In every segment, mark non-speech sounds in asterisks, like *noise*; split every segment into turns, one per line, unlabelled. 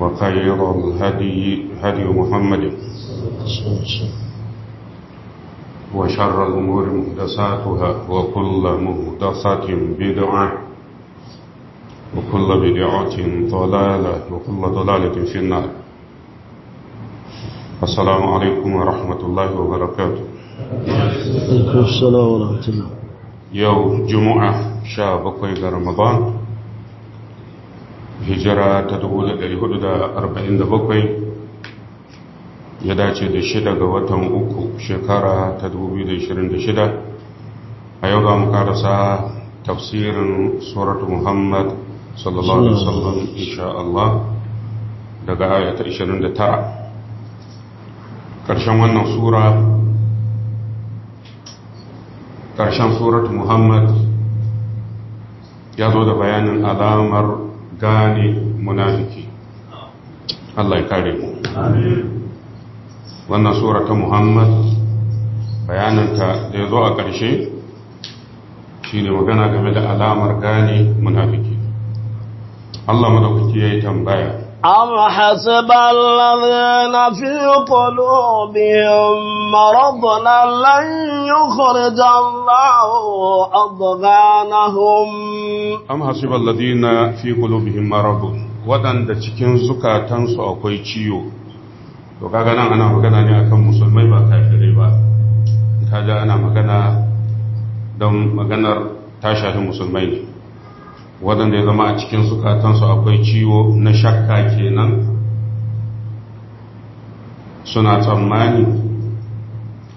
وخير الهدي هدي محمد وشر الأمور مهدساتها وكل مهدسة بدعة وكل بدعة ضلالة وكل ضلالة في النار السلام عليكم ورحمة الله وبركاته
السلام ورحمة الله
يوم جمعة قيد رمضان hijira ta 447 ya dace da shida ga watan uku shekara ta 2026 a yau za mu karasa tafsirin surat muhammad sallallahu alaihi wasallam insha Allah daga ayata 29 ƙarshen wannan sura ƙarshen surat muhammad ya zo da bayanin alamar gane munafiki Allah ya kare mu wannan sura ta Muhammad bayananta da ya zo a ƙarshe shi ne magana game da alamar gane munafiki Allah madaukaki ya yi tambaya
أم حسب الذين في قلوبهم مرضنا لن يخرج الله أضغانهم أم حسب
الذين في قلوبهم مرض waɗanda cikin zukatansu akwai ciwo to kaga ana magana ne akan musulmai ba kafirai ba kaga ana magana don maganar ta shafi musulmai ne waɗanda ya zama a cikin zukatansu akwai ciwo na shakka kenan suna tsammani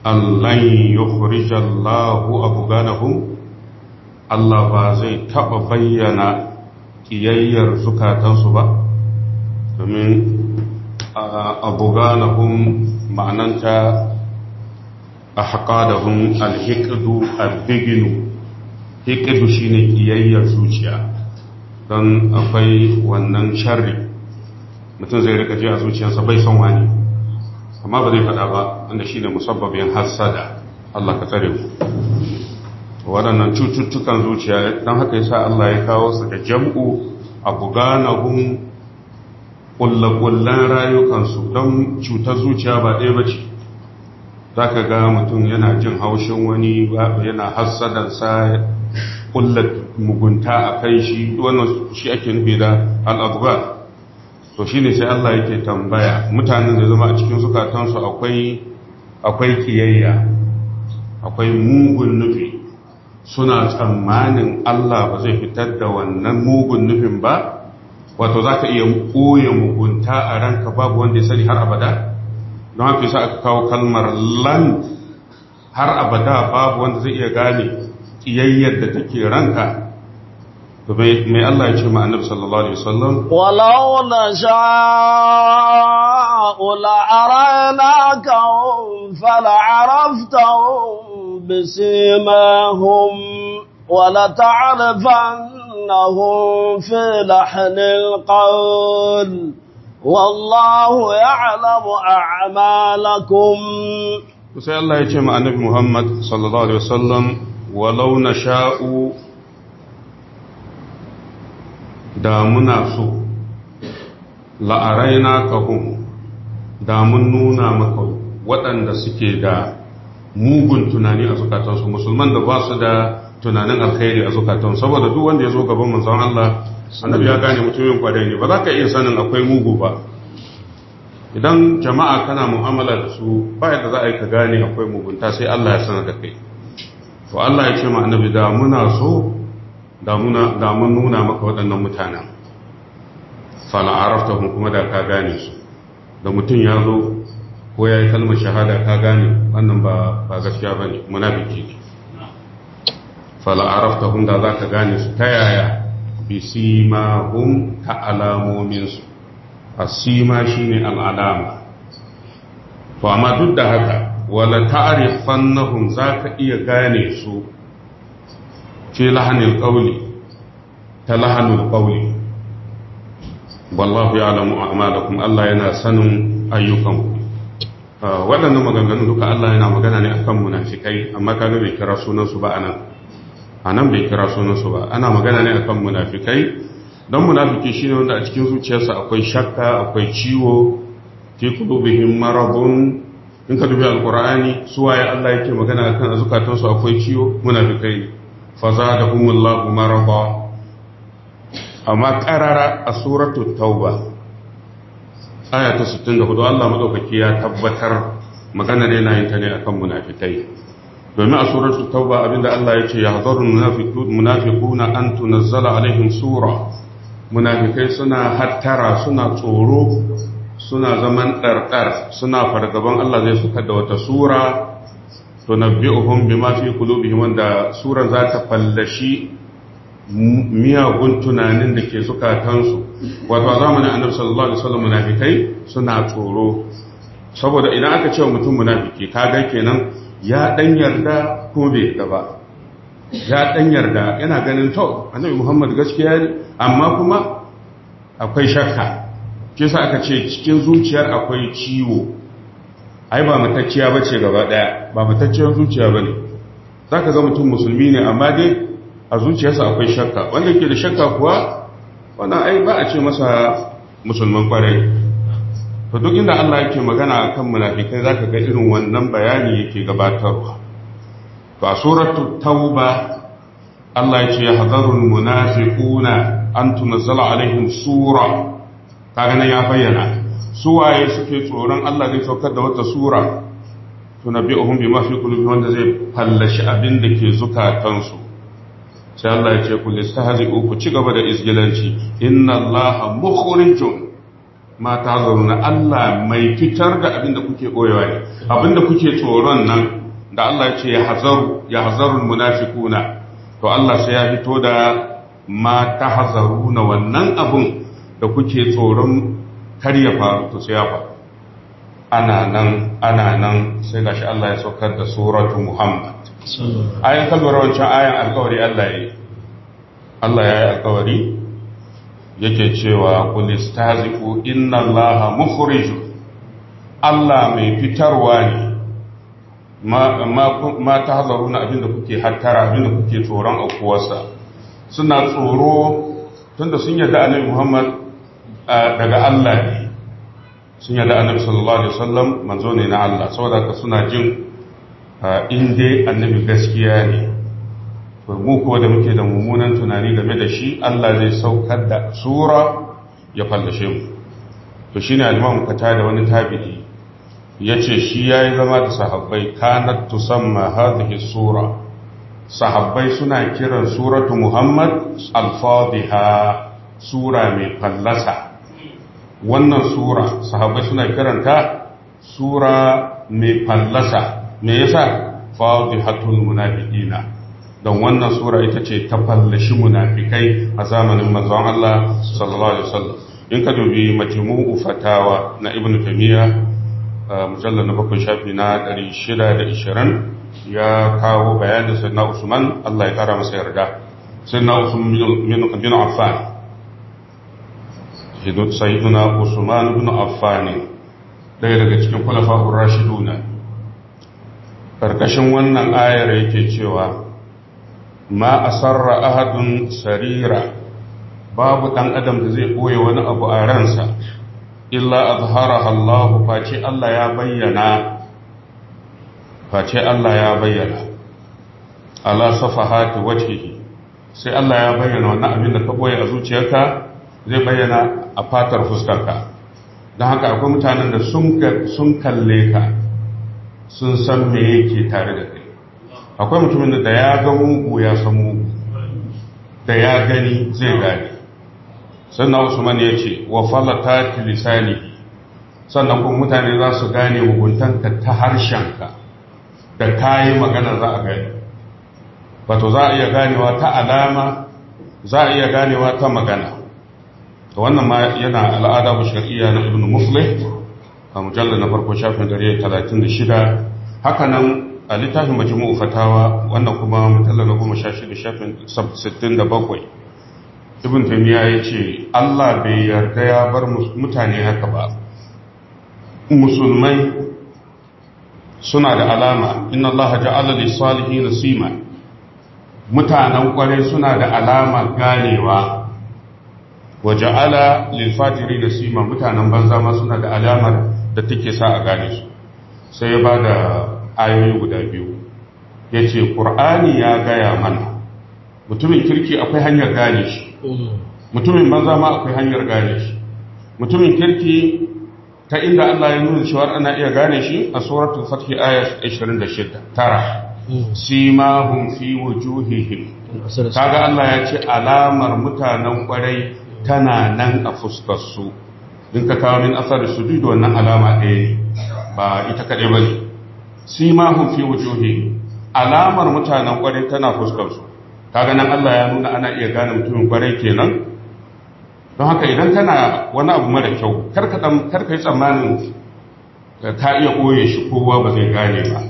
allan yukhrijallahu abganahum Allah ba zai taɓa bayyana ƙiyayyar sukatansu ba domin abuganahum ma'ananta a haƙa da hun alhikdu albiginu hikidu shi ne ƙiyayyar zuciya don akwai wannan sharri mutum zai rika a zuciyarsa bai son wani amma ba zai faɗa ba wanda shi ne musabbabin hassada Allah ka tsare ku waɗannan cututtukan zuciya don haka yasa Allah ya kawo su da jam'u a hun ƙullaƙullan rayukansu don cutar zuciya ba ɗaya ba ce za ka ga mutum yana jin haushin wani yana hassadansa kullat mugunta a kai shi wannan shi ake nufi da al'adba to shi ne sai Allah yake tambaya mutanen da zama a cikin zukatansu akwai kiyayya akwai mugun nufi suna tsammanin Allah ba zai fitar da wannan mugun nufin ba wato za ka iya koya mugunta a ranka babu wanda ya sani har abada don haka aka kawo kalmar land har abada babu wanda zai iya gane kiyayyar da take ranka to mai Allah ya ce ma annabi sallallahu alaihi wasallam wala
walau la sha'u la aranaka fala arafta bisimahum wala ta'rifannahum fi lahn alqawl wallahu ya'lamu a'malakum
sai Allah ya ce ma annabi Muhammad sallallahu alaihi wasallam walau na sha'u da muna so la'arai na kahun da mun nuna maka waɗanda suke da mugun tunani a zukatansu musulman da ba su da tunanin alkhairi a zukatansu saboda duk wanda ya zo gaban manzan Allah annabi ya gane mutumin kwarai ne ba za ka iya sanin akwai mugu ba idan jama'a kana mu'amala da su ba yadda za a yi ka gane akwai mugunta sai Allah ya sanar da kai to Allah ya ce ma annabi da muna so da mun nuna maka waɗannan mutanen hum kuma da ka gane su da mutum ya zo ko ya yi kalmar shahada ka gane wannan ba ba gaskiya ba ne munafiki ne arafta hum da za ka gane su ta yaya bisima ka ta alamominsu a asima shi ne al'alama to amma duk da haka wala ta'rifannahum zaka iya gane su fi lahanil qawli ta lahanul qawli wallahu ya'lamu a'malakum Allah yana sanin ayyukan ku. waɗannan maganganun duka Allah yana magana ne akan munafikai amma kaga bai kira sunansu ba anan anan bai kira sunansu ba ana magana ne akan munafikai dan munafiki shine wanda a cikin zuciyarsa akwai shakka akwai ciwo fi qulubihim maradun in ka dubi alkur'ani suwaye Allah yake magana kan zukatansu akwai ciwo munafikai faza da humullahu maraba amma karara a suratu tauba aya ta 64 Allah madaukaki ya tabbatar magana ne na yin ta ne akan munafikai domin a suratul tauba abinda Allah ya ce ya hadaru munafiquna an tunazzala alaihim sura munafikai suna hattara suna tsoro suna zaman ɗarɗar suna fargaban Allah zai suka da wata sura to na nabbi'uhum bima fi qulubihim wanda suran za ta fallashi miyagun tunanin da ke zukatansu wato a zamanin annabi sallallahu alaihi wasallam munafikai suna tsoro saboda idan aka ce mutum munafiki kaga kenan ya dan yarda ko bai yarda ba ya dan yarda yana ganin to annabi Muhammad gaskiya ne amma kuma akwai shakka shi sa aka ce cikin zuciyar akwai ciwo ai ba mutacciya ba ce gaba ɗaya ba matacciyar zuciya bane. ne za ka ga mutum musulmi ne amma dai a zuciyarsa akwai shakka wanda ke da shakka kuwa wanda ai ba a ce masa musulman kwarai to duk inda Allah yake magana kan munafikai zaka ga irin wannan bayani yake gabatarwa to a suratul tauba Allah yace yahzarul munafiquna an tunzala alaihim sura kaga nan ya bayyana su waye suke tsoron Allah zai saukar da wata sura bi ma fi qulubi wanda zai fallashi abin da ke zukatansu sai Allah ya ce ku listahazi ku ci gaba da izgilanci inna Allah mukhrijun ma tazuruna Allah mai fitar da abin da kuke koyewa ne abin da kuke tsoron nan da Allah ya ce hazaru ya hazaru munafiquna to Allah sai ya fito da ma tahzaruna wannan abun da kuke tsoron kar ya faru to sai ya faru ana nan ana nan sai gashi Allah ya saukar da suratu Muhammad ayan kalmar wancan ayan alkawari Allah ya yi Allah ya yi alkawari yake cewa kul istazifu inna Allah mukhrij Allah mai fitarwa ne ma, ta hazaru na abinda kuke hattara abinda kuke tsoron aukuwarsa suna tsoro tunda sun yarda annabi Muhammad daga Allah ne sun yada annabi sallallahu alaihi wasallam manzo ne na Allah saboda ka suna jin in dai annabi gaskiya ne to mu ko da muke da mummunan tunani game da shi Allah zai saukar da sura ya fallashe mu to shine al-Imam da wani tabi'i yace shi yayi zama da sahabbai kanat tusamma hadhihi sura sahabbai suna kiran suratu Muhammad al-Fadhiha sura mai fallasa wannan sura sahabbai suna karanta sura mai fallasa me yasa fadihatul munafiqina don wannan sura ita ce ta fallashi munafikai a zamanin manzon Allah sallallahu alaihi wasallam in ka dubi majmu'u Ufatawa na ibnu tamiya mujallal na bakwai shafi na 620 ya kawo bayanin sayyidina usman Allah ya kara masa yarda sayyidina usman bin affan sayyiduna usman ibn affan ɗaya daga cikin kulafa'ur rashiduna karkashin wannan ayar yake cewa ma asarra ahadun sarira babu ɗan adam da zai ɓoye wani abu a ransa illa azharaha Allah face Allah ya bayyana face Allah ya bayyana ala safahati wajhihi sai Allah ya bayyana wannan abin da ka ɓoye a zuciyarka zai bayyana a fatar fuskarka don haka akwai mutanen da sun kalle ka sun san me yake tare da kai akwai mutumin da ya ga mugu ya san mugu da ya gani zai gani sannan usman ya ce wa falata lisani sannan kuma mutane za su gane muguntanka ta ka. da yi magana za a gani wato za a iya ganewa ta alama za a iya ganewa ta magana wannan ma yana al'ada ba shari'a na ibn musulai a mujallar na farko shafin gari 36 haka nan a littafin majmu'u fatawa wannan kuma mutallar na goma sha da shafin 67 ibn taimiyya ya ce Allah bai yarda ya bar mutane haka ba musulmai suna da alama inna Allah ja'ala salihi na nasima mutanen kware suna da alama ganewa waja'ala ja'ala lil fajiri da sima mutanen banza ma suna da alamar da take sa a gane su sai ya bada ayoyi guda biyu ya ce ƙur'ani ya gaya mana mutumin kirki akwai hanyar gane shi mutumin banza ma akwai hanyar gane shi mutumin kirki ta inda Allah ya nuna cewa ana iya gane shi a suratul fathi aya 26 tara hum fi wujuhihim kaga Allah ya ce alamar mutanen kwarai tana nan a fuskarsu in ka kawo min asar da wannan alama ɗaya ne. ba ita kaɗai ba ne simahum fi wujuhi alamar mutanen kwarai tana fuskarsu Ta nan Allah ya nuna ana iya gane mutumin kwarai kenan don haka idan kana wani abu mara kyau karka yi tsammanin ta iya koye shi kowa ba zai gane ba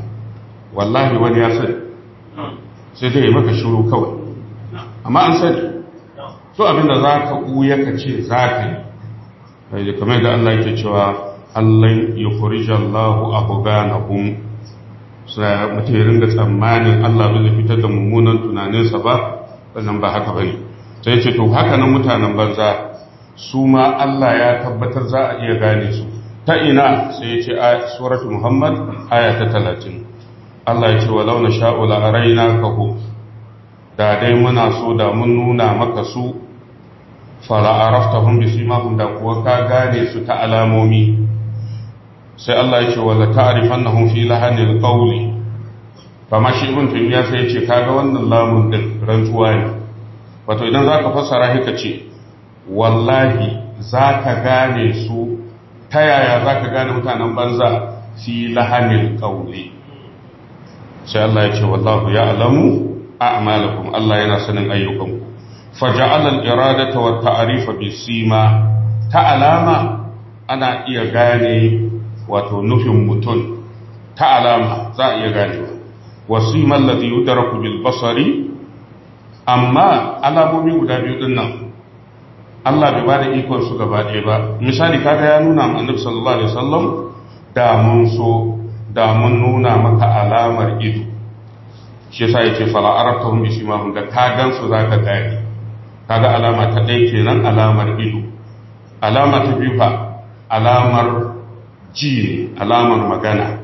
wallahi wani ya sani sai dai maka shiru kawai amma an sani to abinda za ka ɓuya ka ce za ka yi kamar da Allah yake cewa Allah ya kurija Allahu abu ganahum suna mutum ya ringa tsammanin Allah ba zai fitar da mummunan tunaninsa ba wannan ba haka bane sai ce to haka nan mutanen banza su ma Allah ya tabbatar za a iya gane su ta ina sai ya ce a suratu Muhammad aya ta 30 Allah ya ce walau na sha'u la arainaka da dai muna so da mun nuna maka su fara araftahum bi simahum da kuwa ka gane su ta alamomi sai Allah ya ce na ta'rifannahum fi lahanil ba kama shi ibn ya sai ya ce kaga wannan lamun din rantsuwa ne wato idan za ka fassara haka ce wallahi za ka gane su ta yaya za ka gane mutanen banza fi hannun qawli sai Allah ya ce wallahu a amalakun Allah yana sanin ayyukanku فجعل الإرادة والتعريف بالسيما تعلامة أنا إيغاني وتنفهم متن تعلامة ذا إيغاني والسيما الذي يدرك بالبصر أما أنا بمي ودابي دنا Allah bai ba da ikon su gaba ɗaya ba misali kaga ya nuna ma annabi sallallahu alaihi wasallam da mun so da mun nuna maka alamar ido shi yasa yace fala arabtahum bisimahum da ka gansu zaka gane kaga alama ta ɗaya kenan alamar ido alama ta biyu fa alamar ji ne alamar magana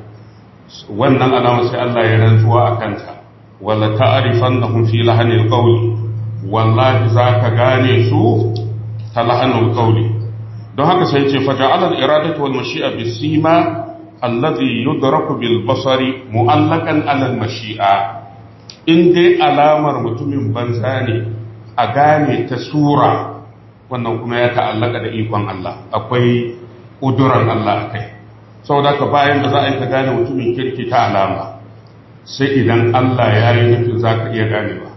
wannan alama sai Allah ya rantsuwa a kanta wala ta'rifannahum fi lahanil qawli wallahi zaka gane su ta lahanul qawli don haka sai ce faja'al al-iradatu wal mashi'a bisima alladhi yudraku bil basari mu'allaqan ala mashia in dai alamar mutumin banza ne a gane ta sura wannan kuma ya ta'allaka da ikon Allah akwai ƙuduran Allah a kai da ka bayan da za a yi ta gane mutumin kirki ta alama sai idan Allah ya yi nufin za ka iya gane ba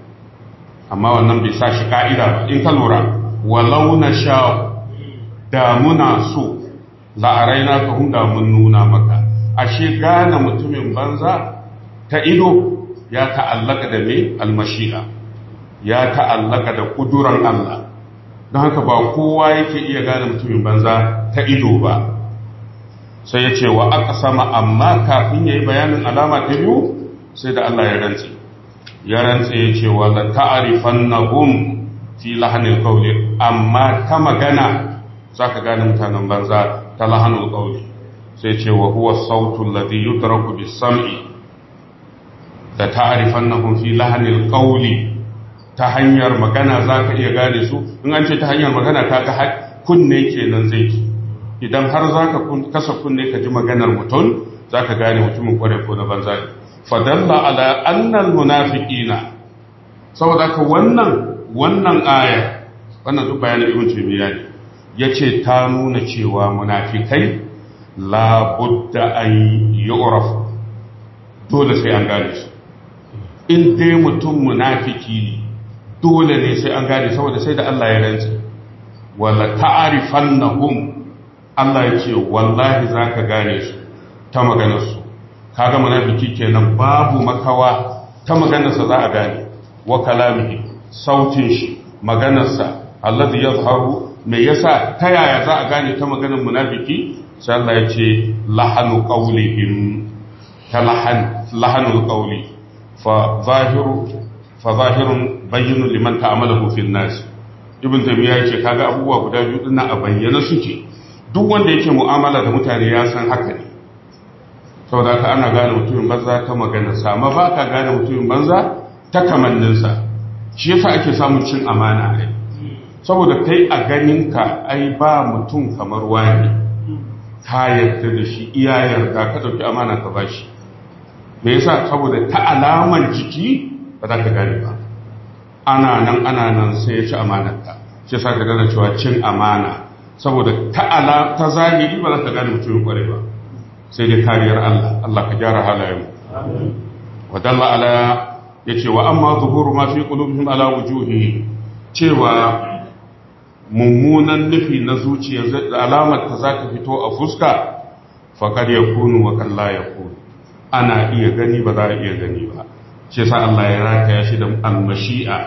amma wannan bai sa shi ka'ida ba in ka lura walau na sha damuna so la'arai na ka hun damun nuna maka ashe gane mutumin banza ta ido ya ta'allaka da mai almashi'a ya ta'allaka da kuduran Allah don haka ba kowa yake iya gane mutumin banza ta ido ba sai ya ce wa aka sama amma kafin ya yi bayanin alama ta biyu sai da Allah ya rantse ya rantse ya ce wa da ta'arifan na fi lahanin kauli amma ta magana za ka gane mutanen banza ta lahanin kauli sai ce wa huwa sautun yutar ku bi sam'i da ta'arifan na fi lahanin kauli ta hanyar magana za ka iya gane su in an ce ta hanyar magana ka ga kunne kenan zai ki idan har za ka kasa kunne ka ji maganar mutum za ka gane mutumin kware ko na banza ne fadalla ala annal munafiqina saboda ka wannan wannan aya wannan duk bayanin ibn taymiya ne yace ta nuna cewa munafikai la budda an yu'raf dole sai an gane su in dai mutum munafiki ne dole ne sai an gane saboda sai da Allah ya rantsi wala ta'rifannahum Allah ya ce wallahi zaka gane su ta maganar su kaga munafiki kenan babu makawa ta maganar sa za a gane wa kalamihi sautin shi maganar sa alladhi yazharu me yasa ta yaya za a gane ta maganar munafiki sai Allah ya ce lahanu qawlihim ta lahan lahanul qawli fa zahiru fa bayyinu liman ta'amalahu fil nas ibn taymiya yace kaga abubuwa guda biyu dinnan a bayyana suke duk wanda yake mu'amala da mutane ya san haka ne saboda ka ana gane mutumin banza ta magana sa amma ba ka gane mutumin banza ta kamanninsa shi yasa ake samun cin amana ne. saboda kai a ganin ka ai ba mutum kamar wani ka yarda da shi iya yarda ka dauki amana ka bashi me yasa saboda ta alaman jiki ba za ka gane ba ana nan ana nan sai ya ci amanarta shi sa ka gane cewa cin amana saboda ta'ala ta zahiri ba za ka gane mutumin kwarai ba sai dai kariyar Allah Allah ka gyara halayen wa dalla ala yace wa amma zuhuru ma fi qulubihim ala wujuhi cewa mummunan nufi na zuciya alamar ta za ta fito a fuska faƙar ya kunu wa kalla ya kunu ana iya gani ba za a iya gani ba ce sa Allah ya ya shi da almashi'a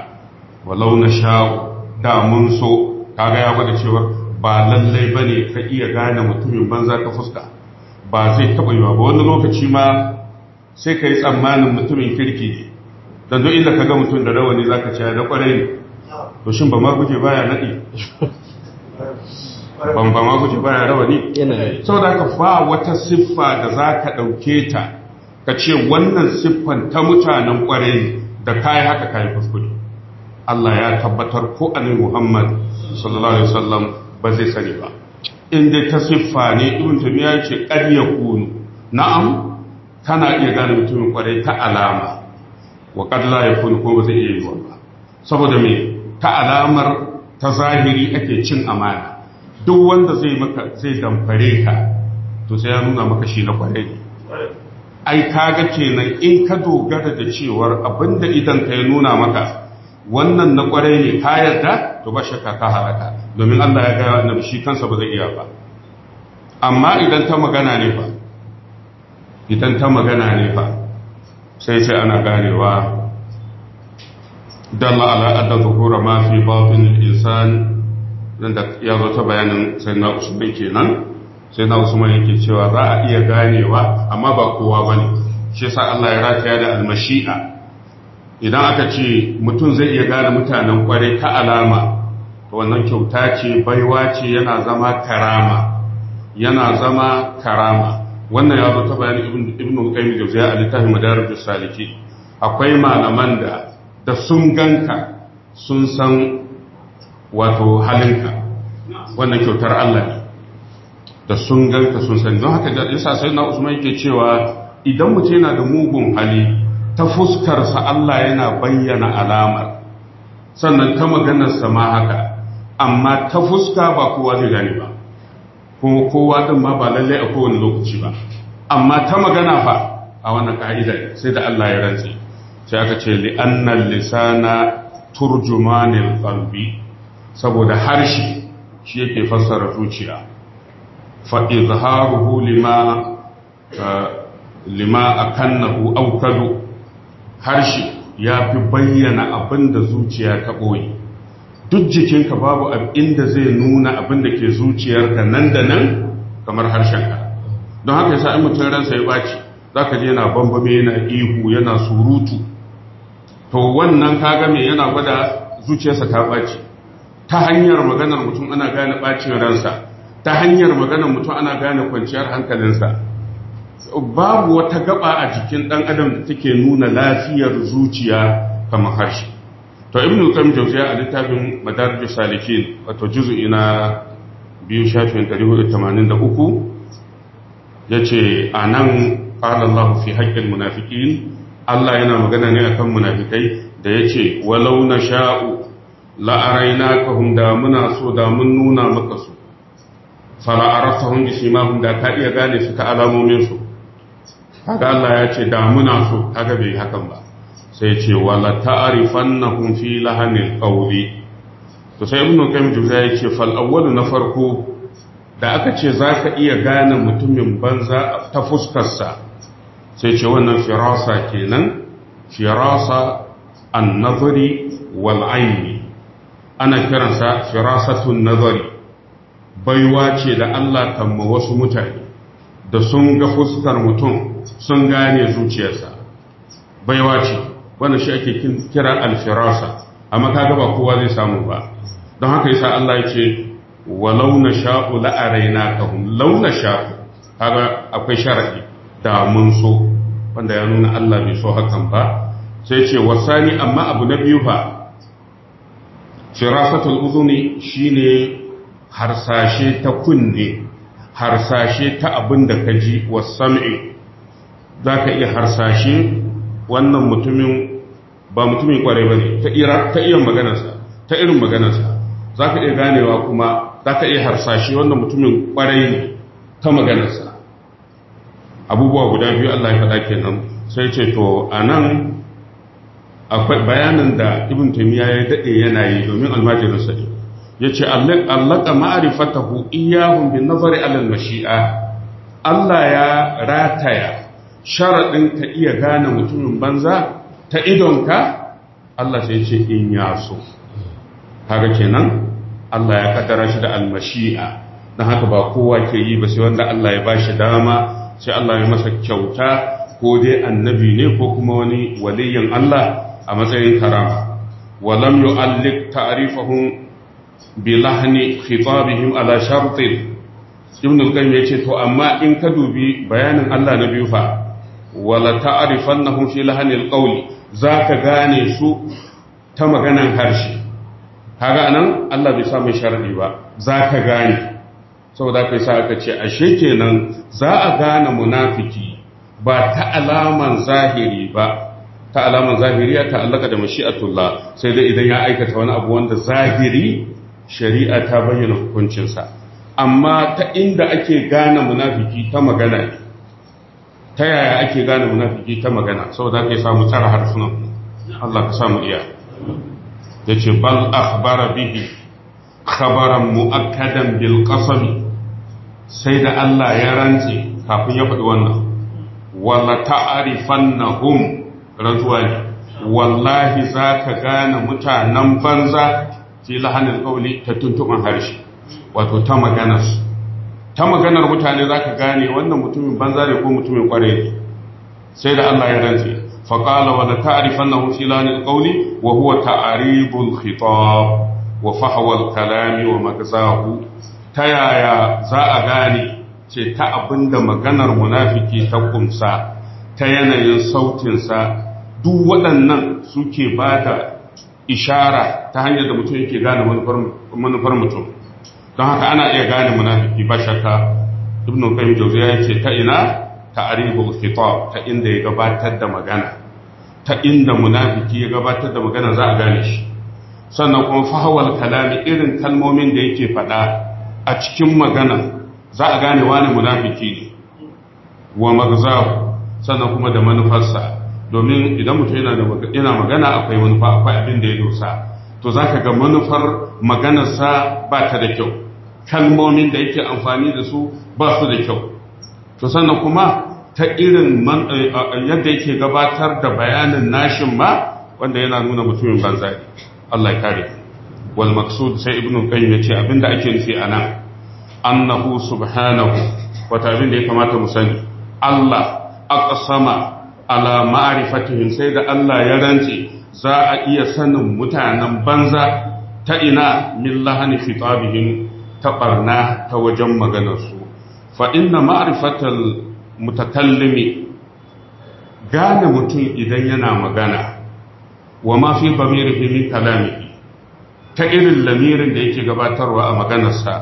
walau na sha'u da mun so kaga ya gwada cewa ba lallai bane ka iya gane mutumin banza ta fuska ba zai taba yiwa ba wani lokaci ma sai ka yi tsammanin mutumin kirki ne don don inda ka ga mutum da rawani za ka ce da kwarai ne to shin ba ma guje baya naɗi ba ma guje baya rawani sau da ka fa wata siffa da za ka ɗauke ta ka ce wannan siffan ta mutanen kwarai da kayi haka yi kuskure Allah ya tabbatar ko annabi Muhammad sallallahu alaihi wasallam ba zai sani ba in dai ta siffa ne ibn tamiya ce kad Kunu. na'am tana iya gane mutumin kwarai ta alama wa kad la yakunu ko ba zai iya yi ba saboda me ta alamar ta zahiri ake cin amana duk wanda zai maka damfare ka to sai ya nuna maka shi na kwarai ai kaga kenan in ka dogara da cewar abinda idan ka ya nuna maka wannan na kwarai ne ka yarda to ba shakka ka halaka domin Allah ya gaya annabi shi kansa ba zai iya ba amma idan ta magana ne fa idan ta magana ne fa sai sai ana ganewa dalla ala adda zuhura ma fi batin al-insan nan da ya zo ta bayanin sayyidina usman kenan sai na usman yake cewa za a iya ganewa amma ba kowa ba ne shi yasa Allah ya rataya da almashi'a idan aka ce mutum zai iya gane mutanen kware ta alama to wannan kyauta ce baiwa ce yana zama karama yana zama karama wannan ya zo ta bayani ibn qayyim jawziya a littafin madarijus saliki akwai malaman da da sun ganka sun san wato halinka wannan kyautar Allah ne da sun ganka sun sani don haka sa sai na usman yake cewa idan mutum yana da mugun hali ta fuskarsa Allah yana bayyana alamar sannan ta maganarsa ma haka amma ta fuska ba kowa zai gane ba kuma kowa din ma ba lallai a kowane lokaci ba amma ta magana fa a wannan ka'ida sai da Allah ya rantse sai aka ce li'annal lisana turjumanil qalbi saboda harshe shi yake fassara zuciya fa izharuhu lima lima akannahu aw kadu harshe ya fi bayyana abin da zuciya ta ɓoye duk jikinka babu inda zai nuna abinda ke zuciyarka nan da nan kamar ka don haka yasa in mutum ransa ya baci za ka je yana bambame yana ihu yana surutu to wannan kaga mai yana gwada zuciyarsa ta baci ta hanyar maganar mutum ana gane bacin ransa ta hanyar maganar mutum ana gane kwanciyar hankalinsa babu wata gaba a jikin ɗan adam da take nuna lafiyar zuciya kamar harshe to ibnu kam jawziya a littafin madarijus salikin wato juz'i ina biyu shafin Ya ce anan nan Allah fi haqqil munafiqin Allah yana magana ne akan munafikai da yace walau nasha'u la kahun da muna so da mun nuna maka su fala araftahum shi simahum da ta iya gane su ta alamomin su kaga Allah ya ce da muna so bai hakan ba sai ce wala ta'rifannahum fi lahanil ƙauri. to sai ibnu qayyim juza ya ce fal awwalu na farko da aka ce za ka iya gane mutumin banza ta fuskar sa sai ce wannan firasa kenan firasa an-nazari wal aini ana kiransa firasatun nazari baiwa ce da Allah kamma wasu mutane da sun ga fuskar mutum sun gane zuciyarsa baiwa ce wannan shi ake kira alfirasa amma kaga ba kowa zai samu ba don haka yasa Allah ya ce walau na sha'u la'araina ka law na sha'u kaga akwai sharadi da mun so wanda ya nuna Allah bai so hakan ba sai ce wasani amma abu na biyu fa firasatul uzuni shine harsashe ta kunne harsashe ta abin da ka ji wasam'i za ka iya harsashe wannan mutumin ba mutumin kwarai ba ne ta iya maganarsa ta irin maganarsa za ka iya ganewa kuma za ka iya harsashe wannan mutumin kwarai ne ta maganarsa abubuwa guda biyu Allah ya faɗa kenan sai ce to a nan akwai bayanin da ibn taimiyya ya daɗe yana yi domin almajirinsa ne yace allaka ma'rifatahu iyyahum bin nazari ala mashia Allah ya rataya sharaɗin ka iya gane mutumin banza ta idonka Allah sai ce in yasu. Haka kenan Allah ya kaddara shi da almashi'a mashia haka ba kowa ke yi ba sai wanda Allah ya bashi dama sai Allah ya masa kyauta ko dai annabi ne ko kuma wani waliyin Allah a matsayin karama walam yu'allik ta'rifahum bilahni khitabihim ala shartin ibn al-qayyim yace to amma in ka dubi bayanin Allah na biyu fa wala ta'rifannahum fi lahni al-qawli zaka gane su ta maganan harshe kaga anan Allah bai sa mai sharadi ba zaka gane saboda kai sa aka ce ashe kenan za a gane munafiki ba ta alaman zahiri ba ta alaman zahiriya ta allaka da mashi'atullah sai dai idan ya aikata wani abu wanda zahiri shari'a ta bayyana hukuncinsa amma ta inda ake gane munafiki ta magana ne ta yaya ake gane munafiki ta magana saboda ake samu tsara harsunan Allah ka samu iya da ce bal akhbara bihi khabaran mu'akkadan bil qasami sai da Allah ya rantse kafin ya faɗi wannan wala ta'rifannahum rantsuwa ne wallahi za ka gane mutanen banza fi lahanin kauli ta harshe wato ta maganar ta maganar mutane za ka gane wannan mutumin banza ne ko mutumin kware ne sai da Allah ya rantse faƙala wa da ta'arifan na hufi lahanin kauli wa huwa ta'aribul khitab wa fahawal kalami wa ta yaya za a gane ce ta abinda maganar munafiki ta kumsa ta yanayin sautinsa duk waɗannan suke ba da ishara ta hanyar da mutum yake gane manufar mutum don haka ana iya gane munafiki ba shakka ibn qayyim ya ce ta ina ta ta'ribu khitab ta inda ya gabatar da magana ta inda munafiki ya gabatar da magana za a gane shi sannan kuma fahawal kalami irin kalmomin da yake faɗa a cikin magana za a gane wani munafiki ne wa magzahu sannan kuma da manufarsa domin idan mutum yana magana akwai manufa akwai abin da ya dosa to za ka ga manufar maganarsa ba ta da kyau kalmomin da yake amfani da su ba su da kyau to sannan kuma ta irin eh, yadda yake gabatar da bayanin nashin ma wanda yana nuna mutumin banza Allah ya kare wal maqsud sai ibnu qayyim yace abinda ake nufi anan annahu subhanahu wata da ya kamata mu sani Allah aqsama ala ma'rifatihim sai da Allah ya rantse za a iya sanin mutanen banza ta ina min lahani khitabihim ta barna ta wajen maganarsu fa inna ma'rifatal mutakallimi gane mutum idan yana magana wa ma fi damirihi min kalamihi ta irin lamirin da yake gabatarwa a maganarsa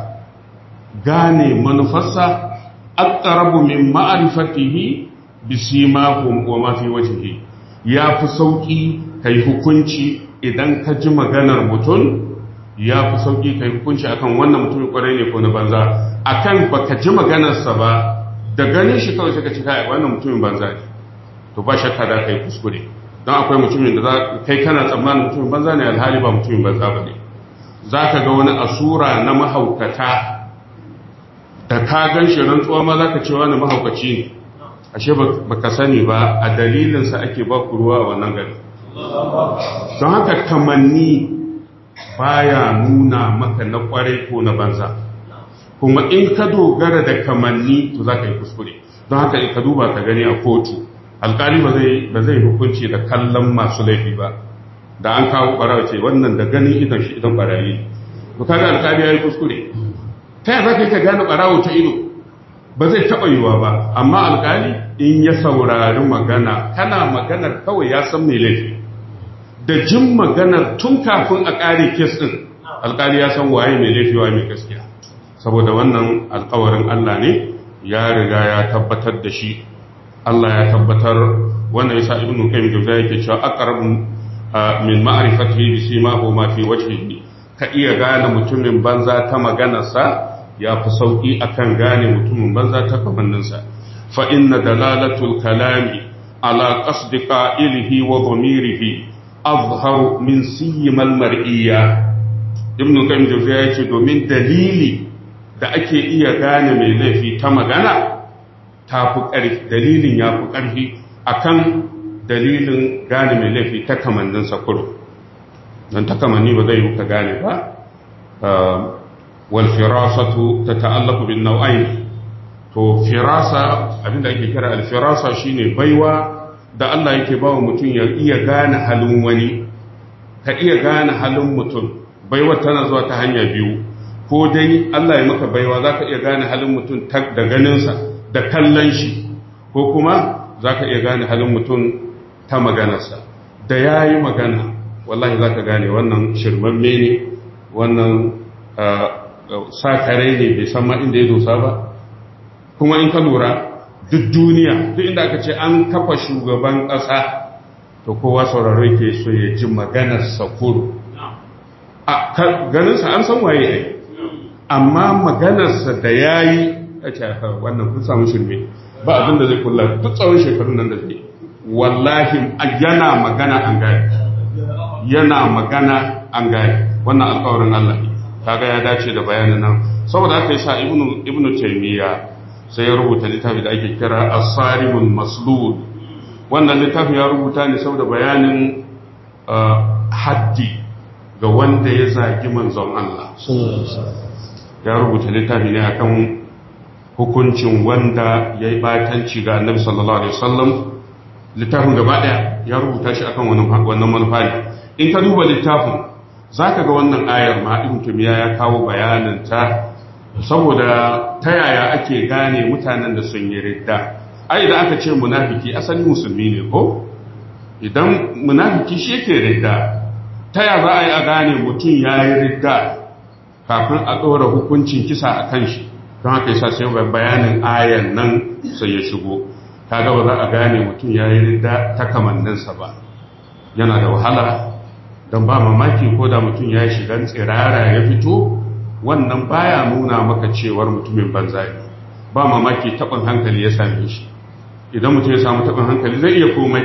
gane manufarsa aqrabu min ma'rifatihi bisi ma wa ma fi ke. ya fi sauki kai hukunci idan ka ji maganar mutum ya fi sauki kai hukunci akan wannan mutum kwarai ne ko na banza akan baka ji maganarsa ba da ganin shi kawai sai ka ci kai wannan mutumin banza ne to ba shakka da kai kuskure don akwai mutumin da za kai kana tsammanin mutumin banza ne alhali ba mutumin banza ba ne za ka ga wani asura na mahaukata da ka gan shi rantsuwa ma za ka ce wani mahaukaci ne ashe baka sani ba a dalilinsa ake ba ku ruwa a wannan gari don haka kamanni baya nuna maka na kwarai ko na banza kuma in ka dogara da kamanni to za ka yi kuskure don haka in ka duba ka gani a kotu alkali ba zai hukunci da kallon masu laifi ba da an kawo ɓarawa ce wannan da ganin idan shi idan ɓarayi to kaga alkali ya yi kuskure ta yi za ka yi ka gane ɓarawo ta ido ba zai taɓa yiwa ba amma alƙali in ya saurari magana kana maganar kawai ya san mai laifi da jin maganar tun kafin a ƙare kes ɗin alƙali ya san waye mai laifi waye mai gaskiya saboda wannan alƙawarin Allah ne ya riga ya tabbatar da shi Allah ya tabbatar wannan yasa ibnu qayyim jawziya yake cewa aqrabu min ma'rifatihi bi simahu ma fi wajhihi ka iya gane mutumin banza ta maganarsa ya fi sauƙi a kan gane mutumin banza ta kamanninsa fa da dalalatul kalami ala qasdi qa'ilihi wa dhamirihi azharu min siymal mar'iyya ibn qayyim ya ce domin dalili da ake iya gane mai laifi ta magana ta fi ƙarfi dalilin ya fi ƙarfi a kan dalilin gane mai laifi ta kamanninsa sakuru. Don ta kamanni ba zai yi ka gane ba ah, wal firasatu tata'allaqu bin naw'ain to firasa abinda ake kira alfirasa firasa shine baiwa da Allah yake ba wa mutum ya iya gane halin wani ka iya gane halin mutum baiwa tana zuwa ta hanyar biyu ko dai Allah ya maka baiwa za ka iya gane halin mutum da ganinsa da kallon shi ko kuma za ka iya gane halin mutum ta maganarsa da ya yi magana wallahi za ka gane wannan shirmamme ne wannan sa kare ne bai san ma inda ya dosa ba kuma in ka lura duk duniya duk inda aka ce an kafa shugaban ƙasa to kowa sauraro ke so ya ji maganar sakuru a ganinsa an san waye ai amma maganarsa da ya yi a cewa wannan kun samu shirme ba abin da zai kula duk tsawon shekarun nan da ke wallahi yana magana an gari
yana magana
an gari wannan alkawarin Allah kaga ya dace da bayanin nan saboda aka yasa ibnu ibnu taymiya sai ya rubuta littafi da ake kira as-sarimul maslud wannan littafi ya rubuta ne saboda bayanin uh, haddi ga wanda ya zagi manzon Allah ya rubuta littafi ne akan hukuncin wanda ya yi batanci ga annabi sallallahu alaihi wasallam littafin gaba daya ya rubuta shi akan wannan manufa ne in ka duba littafin za ka ga wannan ayar ma ibn tumiya ya kawo bayananta saboda ta yaya ake gane mutanen da sun yi ridda ai idan aka ce munafiki asali musulmi ne ko idan munafiki shi yake ridda ta yaya za a yi a gane mutum ya yi ridda kafin a ɗora hukuncin kisa a kan shi don haka yasa sai bayanin ayar nan sai ya shigo ta ba za a gane mutum ya yi ridda ta sa ba yana da wahala don ba mamaki ko da mutum ya shiga tsirara ya fito wannan baya nuna maka cewar mutumin banza ne ba mamaki taɓin hankali ya same shi idan mutum ya samu taɓin hankali zai iya komai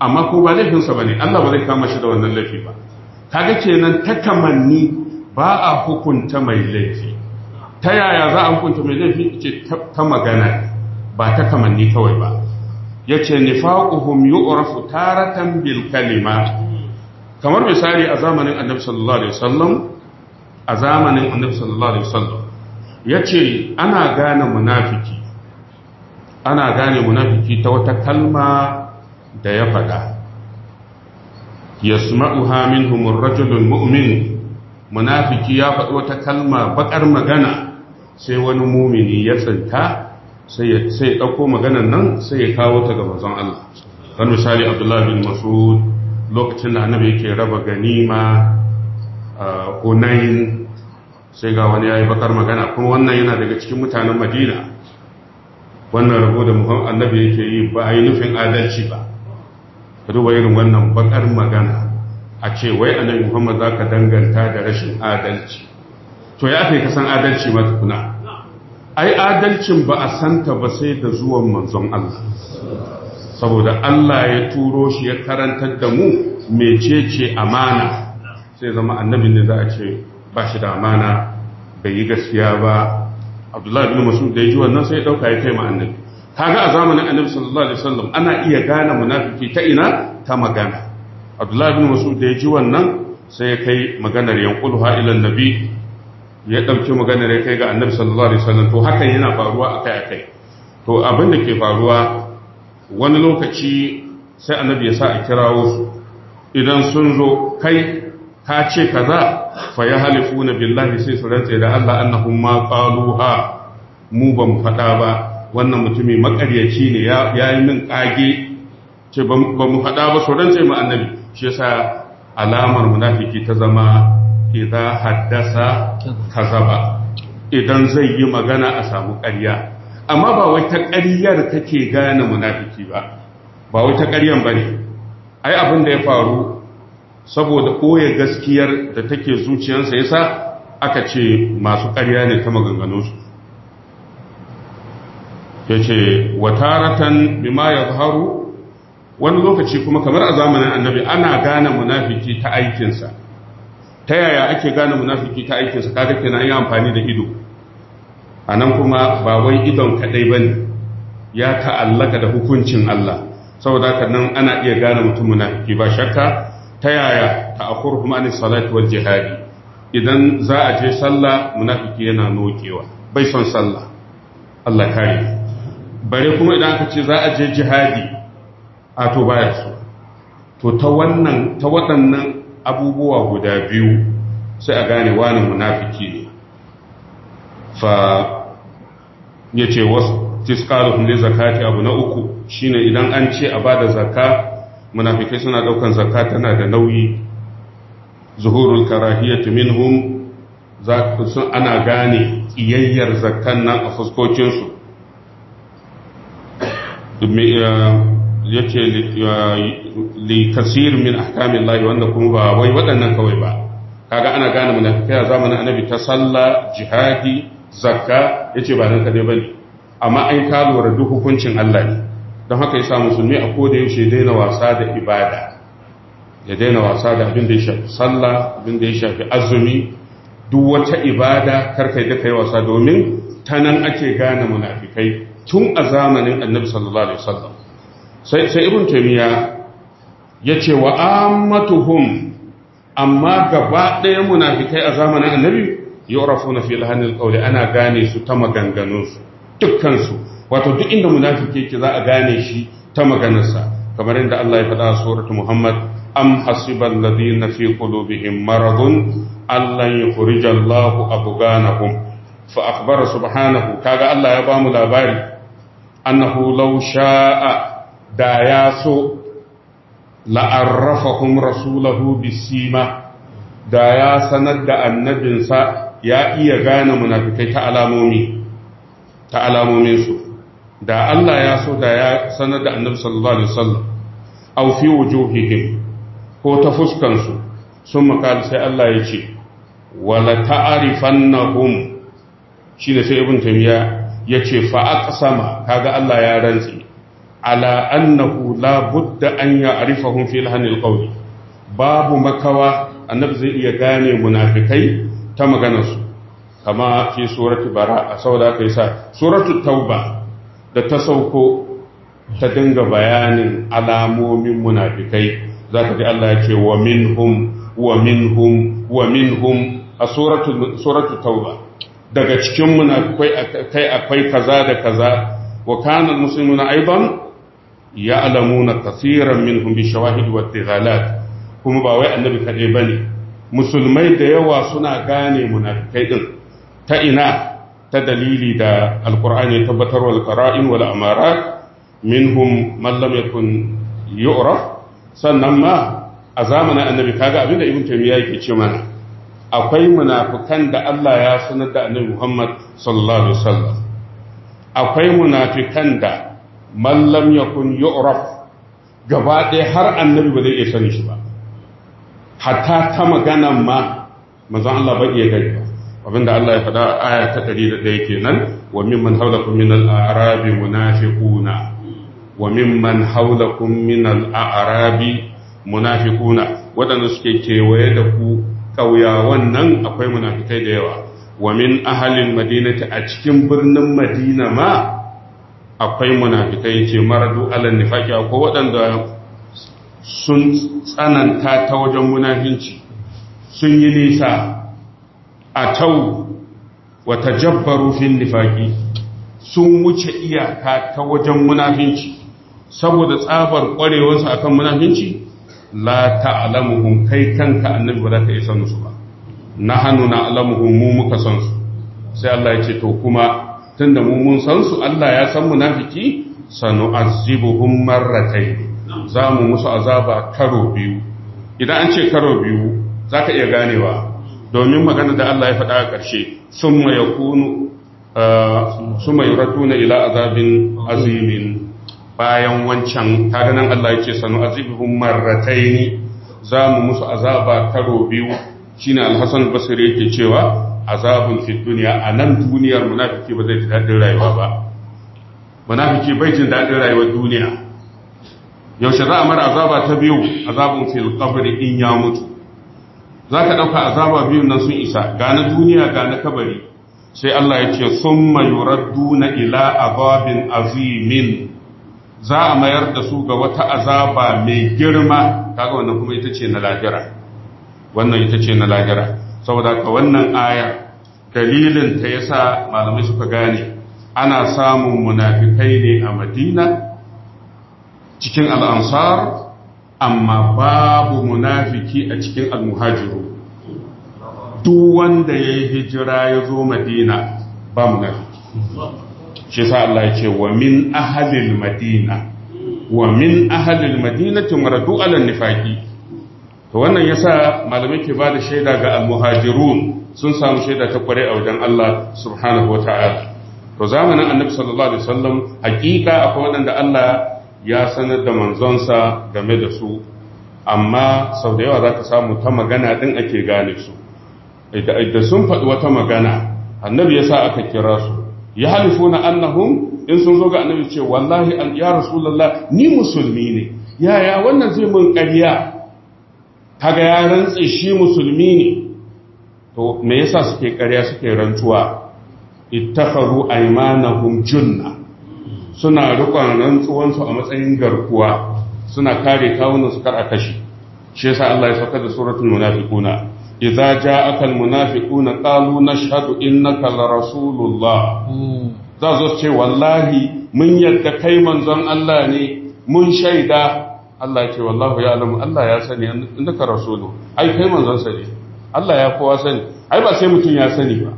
amma ko ba laifinsa ba ne allah ba zai kama shi da wannan laifi ba Ta ga ce nan, takamanni ba a hukunta mai laifi ta yaya za a hukunta mai laifi ce ta magana ba takamanni kawai ba ya ce nifaƙuhum yu'rafu taratan bil kalima kamar misali a zamanin annabi sallallahu alaihi wasallam a zamanin annabi sallallahu alaihi wasallam yace ana gane munafiki ana gane munafiki ta wata kalma da ya faɗa yasma'uha minhum ar-rajulul mu'min munafiki ya faɗi wata kalma bakar magana sai wani mumini ya tsinta sai ya ɗauko maganar nan sai ya kawo ta ga manzon Allah kan misali abdullahi bin Mas'ud lokacin da annabi yake raba ganima hunain sai ga wani ya yi bakar magana kuma wannan yana daga cikin mutanen madina wannan rabo da muhammadu annabi yake yi ba a yi nufin adalci ba ka duba irin wannan bakar magana a ce wai annabi muhammad za ka danganta da rashin adalci to ya fi kasan adalci ma tukuna ai adalcin ba a santa ba sai da zuwan manzon allah saboda Allah ya turo shi ya karantar da mu mecece amana sai zama annabin ne za a ce ba shi da amana bai yi gaskiya ba abdullahi bin masud da ya ji wannan sai ya dauka ya kai ma annabi kaga a zamanin annabi sallallahu alaihi wasallam ana iya gane munafiki ta ina ta magana abdullahi bin masud da ya ji wannan sai ya kai maganar yanquluha ila annabi ya dauki maganar ya kai ga annabi sallallahu alaihi wasallam to hakan yana faruwa akai akai to abin da ke faruwa wani lokaci sai annabi ya sa a kirawo su idan sun zo kai ka ce kaza fa ya halifu na billahi sai su rantse da Allah annahum ma qaluha mu ban faɗa ba wannan mutumi makaryaci ne ya yi min kage ce ba mu faɗa ba su rantse mu annabi shi yasa alamar munafiki ta zama idan haddasa kazaba idan zai yi magana a samu ƙarya amma ba wata ƙaryar take gane munafiki ba ba wai ta ba ne. ai abin da ya faru saboda ɓoye gaskiyar da take zuciyarsa ya sa aka ce masu ƙarya ne ta maganganunsu wa wataratan bima yadhharu wani lokaci kuma kamar a zamanin annabi ana gane munafiki ta aikinsa ta yaya ake gane munafiki ta aikinsa kaga kenan yi amfani da ido a nan kuma ba wai idon kaɗai ba ne ya ta'allaka da hukuncin Allah saboda haka nan ana iya gane mutum munafiki ba shakka ta yaya ta ta'akhurhum an salati wal jihadi idan za a je sallah munafiki yana nokewa bai son sallah Allah kare bare kuma idan aka ce za a je jihadi a to baya so to ta wannan ta waɗannan abubuwa guda biyu sai a gane wani munafiki ne fa ya ce wasu tiskaruhum li zakati abu na uku shine idan an ce a bada zaka munafikai suna daukan zaka tana da nauyi zuhurul karahiyatu minhum sun ana gane kiyayyar zakkan nan a fuskokin su eh, ce eh, li kasir min wanda kuma ba wai waɗannan kawai ba kaga ana gane munafikai a zamanin annabi ta sallah jihadi zakka ya ce ba nan ba ne. amma an ka lura duk hukuncin Allah ne don haka ya sa musulmi a koda yaushe daina wasa da ibada ya daina wasa da abin da ya shafi sallah abin da ya shafi azumi duk wata ibada karkai da kai wasa domin ta nan ake gane munafikai tun a zamanin annabi sallallahu alaihi wasallam sai sai ibn taymiya yace wa ammatuhum amma gaba ɗaya munafikai a zamanin annabi na fi lahanil qawli ana gane su ta maganganunsu dukkansu wato duk inda munafiki yake za a gane shi ta maganarsa kamar inda Allah ya faɗa a suratul Muhammad am hasibal ladina fi qulubihim maradun allan yukhrijallahu abganahum fa akhbara subhanahu kaga Allah ya bamu labari annahu law sha'a da ya so la'arrafahum rasulahu bisima da ya sanar da annabinsa ya iya gane munafikai ta alamomi ta alamominsu da Allah ya so da ya sanar da annabi sallallahu alaihi wasallam aw fi wujuhihim ko ta fuskansu sun makali sai Allah ya ce wala ta'rifannahum shi da sai ibn tamiya yace fa aqsama kaga Allah ya rantsi ala annahu la budda an ya'rifahum fi lahnil qawli babu makawa annabi zai iya gane munafikai ta maganarsu kama fi suratu bara a saboda aka yi sa suratu tauba da ta sauko ta dinga bayanin alamomin munafikai za ka ji Allah ya ce wa minhum wa wa a suratu tauba daga cikin munafikai kai akwai kaza da kaza wa kana muslimuna aidan ya'lamuna kaseeran minhum bi shawahid wa kuma ba wai annabi kadai bane musulmai da yawa suna gane munafikai din ta ina ta dalili da alkur'ani tabbatar wal qara'in wal amara minhum man lam yakun yu'raf sannan ma a zamanin annabi kaga abinda ibn taymiya yake ce mana akwai munafikan da Allah ya sanar da annabi Muhammad sallallahu alaihi wasallam akwai munafikan da man lam yakun yu'raf gaba ɗaya har annabi ba zai iya sani shi ba hatta ta maganan ma manzon Allah ba iya gani ba abinda Allah ya faɗa a aya ta ɗaya kenan wa mimman hawlakum min al-a'rabi munafiquna wa mimman hawlakum min al-a'rabi munafiquna wadanda suke kewaye da ku kauyawan nan akwai munafikai da yawa wa min ahalin madinati a cikin birnin madina ma akwai munafikai ce maradu alal nifaqi ko waɗanda sun tsananta ta wajen munafinci sun yi nisa a tau wata jabbaru fin nifaki sun wuce iyaka ta wajen munafinci saboda tsabar kwarewarsu akan munafinci la alamuhun kai kanka annabi ba za ka isa musu ba Na hannu na alamuhun mu muka sansu. su sai Allah ya ce to kuma tunda mu mun san su Allah ya san munafiki sanu'azzibuhum marratayn za mu musu azaba karo biyu idan an ce karo biyu za ka iya ganewa domin magana da Allah ya faɗa a ƙarshe sun uh, ratuna ila azabin azimin bayan wancan taganan Allah ya ce sanu azibihun ne za mu musu azaba karo biyu shi shine alhassan basiri yake cewa azabin fit duniya a nan duniyar munafiki ba zai ji daɗin rayuwa ba munafiki bai jin daɗin rayuwar duniya yaushe za a mara azaba ta biyu azabun fil kabari in ya mutu za ka ɗauka azaba biyu na sun isa ga na duniya ga na kabari sai Allah ya ce sun mayuraddu na ila azabin azimin za a mayar da su ga wata azaba mai girma kaga wannan kuma ita ce na lahira wannan ita ce na lahira saboda ka wannan aya dalilin ta yasa malamai suka gane ana samun munafikai ne a madina cikin al'ansar amma babu munafiki a cikin almuhajiru duk wanda ya yi hijira ya zo madina ba munafiki shi sa Allah ya ce wa min ahalil madina wa min ahalil madina tumradu ala nifaqi to wannan yasa malamai ke bada shaida ga almuhajirun sun samu shaida ta kware a wajen Allah subhanahu wataala to zamanin annabi sallallahu alaihi wasallam hakika akwai waɗanda Allah ya sanar da manzonsa game da su amma sau da yawa za ka samu ta magana ɗin ake gane su da sun faɗi wata magana annabi ya sa aka kira su ya halifu na annahun in sun zo ga annabi ce wallahi ya rasulallah ni musulmi ne yaya wannan zai mun ƙarya ga ya rantse shi musulmi ne to me yasa suke ƙarya suke rantsuwa ittakharu aymanahum junna suna rukun rantsuwansu a matsayin garkuwa suna kare kawunan su kar a kashi shi yasa Allah ya saukar da suratul munafiquna idza ja'aka al munafiquna qalu nashhadu innaka la rasulullah za su ce wallahi mun yadda kai manzon Allah ne mun shaida Allah ya ce wallahu ya alamu Allah ya sani innaka rasulu ai kai manzon sa Allah ya kowa sani ai ba sai mutun ya sani ba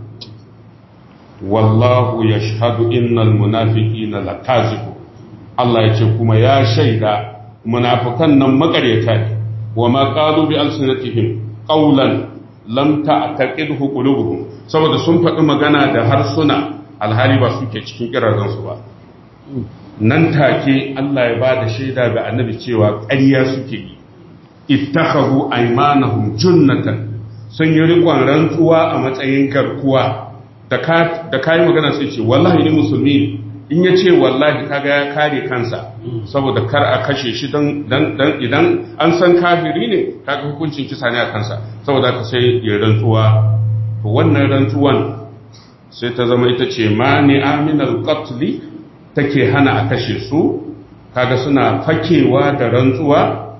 wallahu yashhadu innal munafiqina lakazibun Allah ya ce kuma ya shaida munafikan nan makaryata ne wa ma qalu bi alsinatihim qawlan lam ta'taqidhu qulubuhum saboda sun faɗi magana da harsuna alhali ba suke cikin kirazan su ba nan take Allah ya bada shaida ga annabi cewa ƙarya suke yi ittakhadhu aymanahum junnatan sun yi rikon rantsuwa a matsayin garkuwa da ka yi magana sai ce wallahi ni musulmi in ya ce wallahi kaga ya kare kansa saboda kar a kashe shi don idan an san kafiri ne kaga hukuncin kisa ne a kansa saboda ka sai ya rantsuwa to wannan rantsuwan sai ta zama ita ce ma ni aminal Katli take hana a kashe su kaga suna fakewa da rantsuwa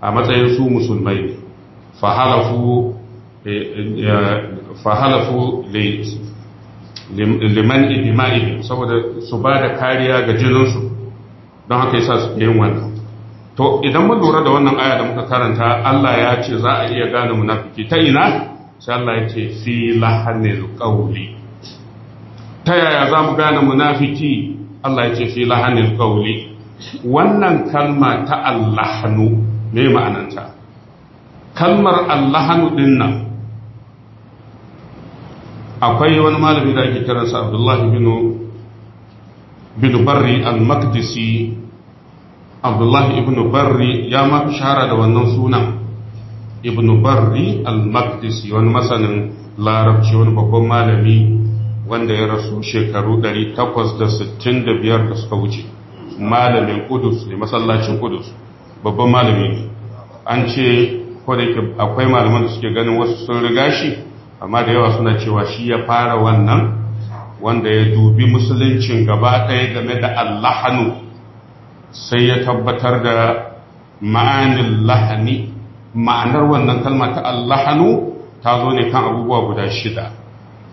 a matsayin su musulmai fahalafu eh, eh, fahalafu liman ibima'i saboda su ba da kariya ga jininsu don haka yasa su yin wannan to idan mun lura da wannan aya da muka karanta Allah ya ce za a iya gane munafiki ta ina sai Allah ya ce fi lahanil qawli ta yaya za mu gane munafiki Allah ya ce fi lahanil qawli wannan kalma ta allahanu me ma'ananta kalmar allahanu din nan akwai wani malami da ake kiransa abdullahi bin barri al-makdisi abdullahi ibn barri ya ma shahara da wannan sunan ibn barri al-makdisi wani masanin larabci wani babban malami wanda ya rasu shekaru 865 da suka wuce malamin kudus ne masallacin kudus babban malami an ce kodayake akwai malaman da suke ganin wasu sun riga shi amma da yawa suna cewa shi ya fara wannan wanda ya dubi musuluncin gaba ɗaya game da allahanu sai ya tabbatar da ma'anin lahani ma'anar wannan kalma ta allahanu ta zo ne kan abubuwa guda shida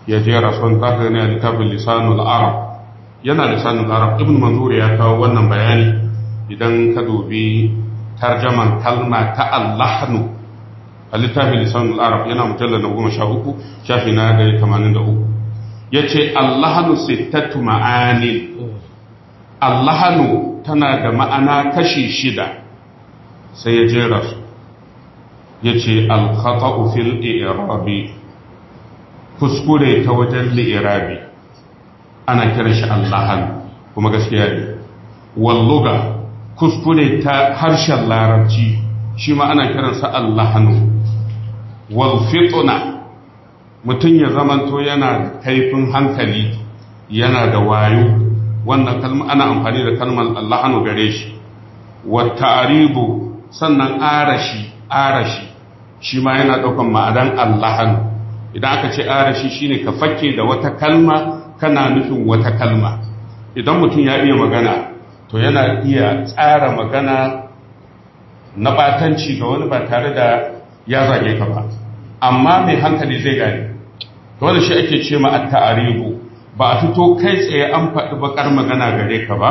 ya jera sun zaka gani a littafin lisanul arab yana lisanul arab ibn manzur ya kawo wannan bayani idan ka dubi tarjaman kalma ta allahanu a littafin lisanul arab yana mujallar na goma sha uku shafi na ɗari tamanin da uku ya ce allahanu sittatu ma'anin allahanu tana da ma'ana kashi shida sai ya jera su ya ce alkhata'u fil i'rabi kuskure ta wajen li'irabi ana kiran shi allahanu kuma gaskiya ne walluga kuskure ta harshen larabci shi ma ana kiransa allahanu wal mutum ya zamanto yana da kaifin hankali yana da wayo wannan kalma ana amfani da kalmar Allahanu gare shi wa sannan arashi arashi shi ma yana daukan ma'adan Allahanu idan aka ce arashi shine ka fakke da wata kalma kana nufin wata kalma idan mutum ya iya magana to yana iya tsara magana na batanci ga wani ba tare da ya zage ka ba amma mai hankali zai gane wanda shi ake ce ma at-ta'aribu ba a fito kai tsaye an faɗi bakar magana gare ka ba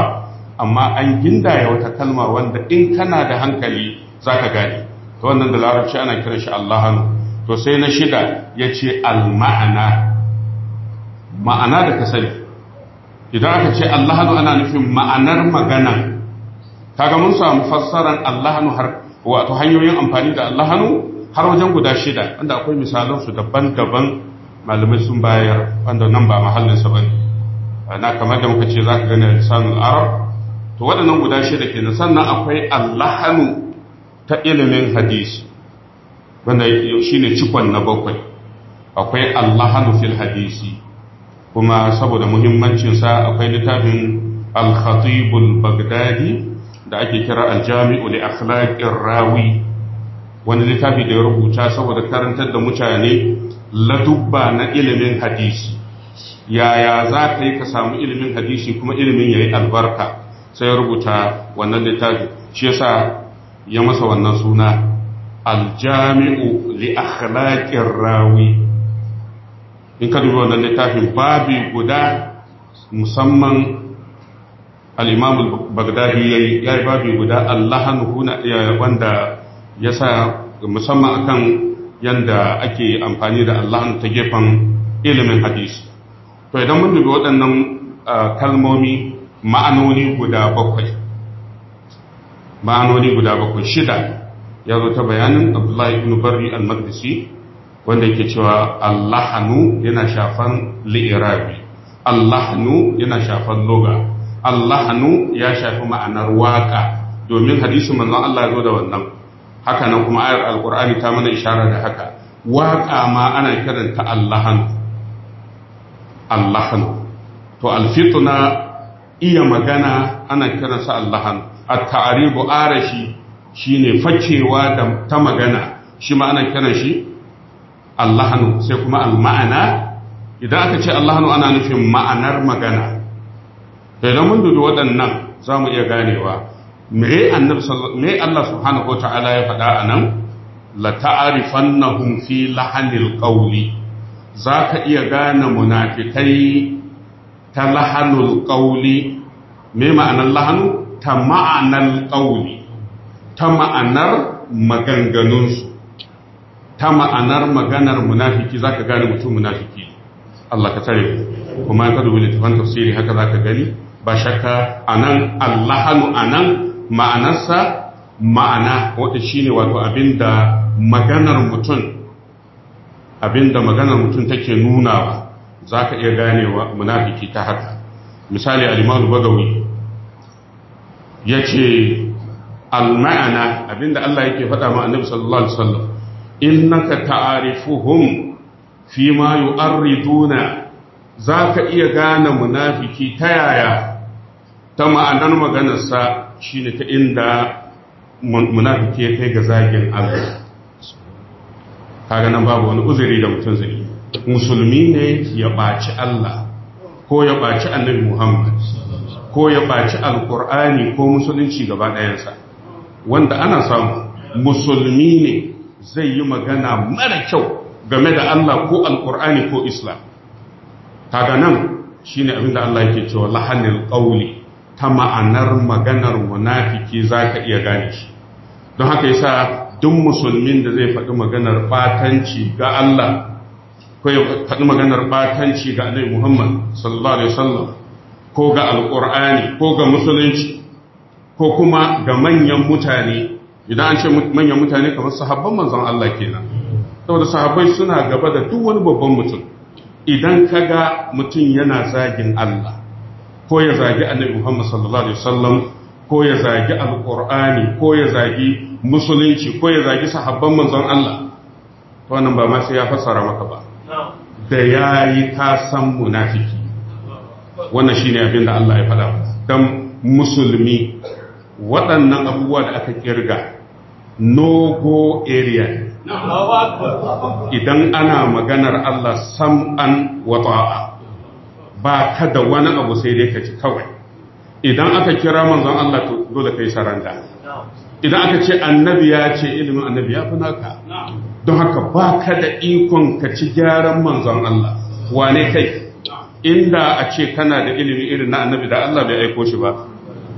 amma an gindaya wata kalma wanda in kana da hankali zaka gane to wannan da larabci ana kiran shi Allahanu to sai na shida yace al-ma'ana ma'ana da ka idan aka ce Allahanu ana nufin ma'anar magana kaga mun samu fassarar Allahanu har wato hanyoyin amfani da Allahanu har wajen guda shida wanda akwai misalansu daban-daban malamai sun bayar wanda nan ba mahallinsa ba ne na kamar da muka ce za ka gane lisanin arab to waɗannan guda shida kenan sannan akwai allahanu ta ilimin hadisi wanda shi ne cikon na bakwai akwai allahanu fil hadisi kuma saboda muhimmancinsa akwai littafin al-khatibul bagdadi da ake kira al-jami'u li akhlaqir rawi wani littafi da ya rubuta saboda karantar da mutane ladubba na ilimin hadisi yaya za ka yi ka samu ilimin hadisi kuma ilimin ya yi albarka sai ya rubuta wannan littafi shi yasa ya masa wannan suna aljami'u li akhlaqir rawi in ka dubi wannan littafin babi guda musamman al-imam al-baghdadi yayi babi guda Allahan huna wanda yasa musamman akan yadda ake amfani da Allah ta gefen ilimin hadisi to idan mun dubi waɗannan kalmomi ma'anoni guda bakwai ma'anoni guda bakwai shida ya zo ta bayanin Abdullahi ibn Barri al-Maqdisi wanda yake cewa Allahanu yana shafan li'irabi Allahnu yana shafan loga Allahanu ya shafi ma'anar waka domin hadisin manzon Allah ya zo da wannan haka nan kuma ayar alkur'ani ta mana ishara da haka waƙa ma ana kiranta allahan allahan to alfituna iya magana ana kiransa allahan at-ta'ribu arashi shine faccewa da ta magana shi ma ana kiran shi allahanu sai kuma alma'ana maana idan aka ce allahanu ana nufin ma'anar magana to idan mun dubi waɗannan zamu iya ganewa me annabi me Allah subhanahu wataala ya faɗa anan la ta'rifannahum fi lahanil za ka iya gane munafikai ta lahanul qawli me ma'anar lahanu ta ma'anar qawli ta ma'anar maganganunsu ta ma'anar maganar munafiki ka gane mutum munafiki Allah ka tare kuma ka dubi littafin tafsiri haka za ka gani ba shakka anan allahanu anan ma'anarsa ma'ana wata ne wato abinda maganar mutum abinda maganar mutum take nunawa zaka iya ganewa munafiki ta haka misali al-Imam Bagawi yace al-ma'ana abinda Allah yake faɗa ma Annabi sallallahu alaihi wasallam innaka ta'arifuhum fi ma yu'arriduna ka iya gane munafiki ta yaya ta ma'anar maganarsa Shi ne ta inda munafiki ya kai ga zagin Allah kaga nan babu wani uzuri da mutum zai musulmi ne ya baci Allah ko ya baci annabi Muhammad ko ya baci alkur'ani ko musulunci gaba ɗayansa wanda ana samu musulmi ne zai yi magana mara kyau game da Allah ko alkur'ani ko islam kaga nan ne abinda Allah yake cewa lahannin ƙauli ta ma'anar maganar munafiki ka iya gane shi don haka yasa duk musulmin da zai faɗi maganar batanci ga Allah ko ya faɗi maganar batanci ga Annabi Muhammad sallallahu alaihi wasallam ko ga alqur'ani ko ga musulunci ko kuma ga manyan mutane idan an ce manyan mutane kamar sahabban manzon Allah kenan saboda sahabbai suna gaba da duk wani babban mutum idan kaga mutum yana zagin Allah ko ya zagi annabi Muhammad sallallahu alaihi wasallam ko ya zagi alqur'ani ko ya zagi musulunci ko ya zagi sahabban manzon Allah to wannan ba ma sai ya fassara maka ba da yayi ka san munafiki wannan shine abin da Allah ya faɗa dan musulmi waɗannan abubuwa da aka kirga no go area
idan ana
maganar Allah sam'an wa ta'a ba ka da wani abu sai dai ka ci kawai idan aka kira manzon Allah to dole kai saranta idan aka ce annabi ya ce ilimin annabi ya fi naka don haka ba ka da ikon ka ci gyaran manzon Allah wane kai inda a ce kana da ilimi irin na annabi da Allah bai aiko shi ba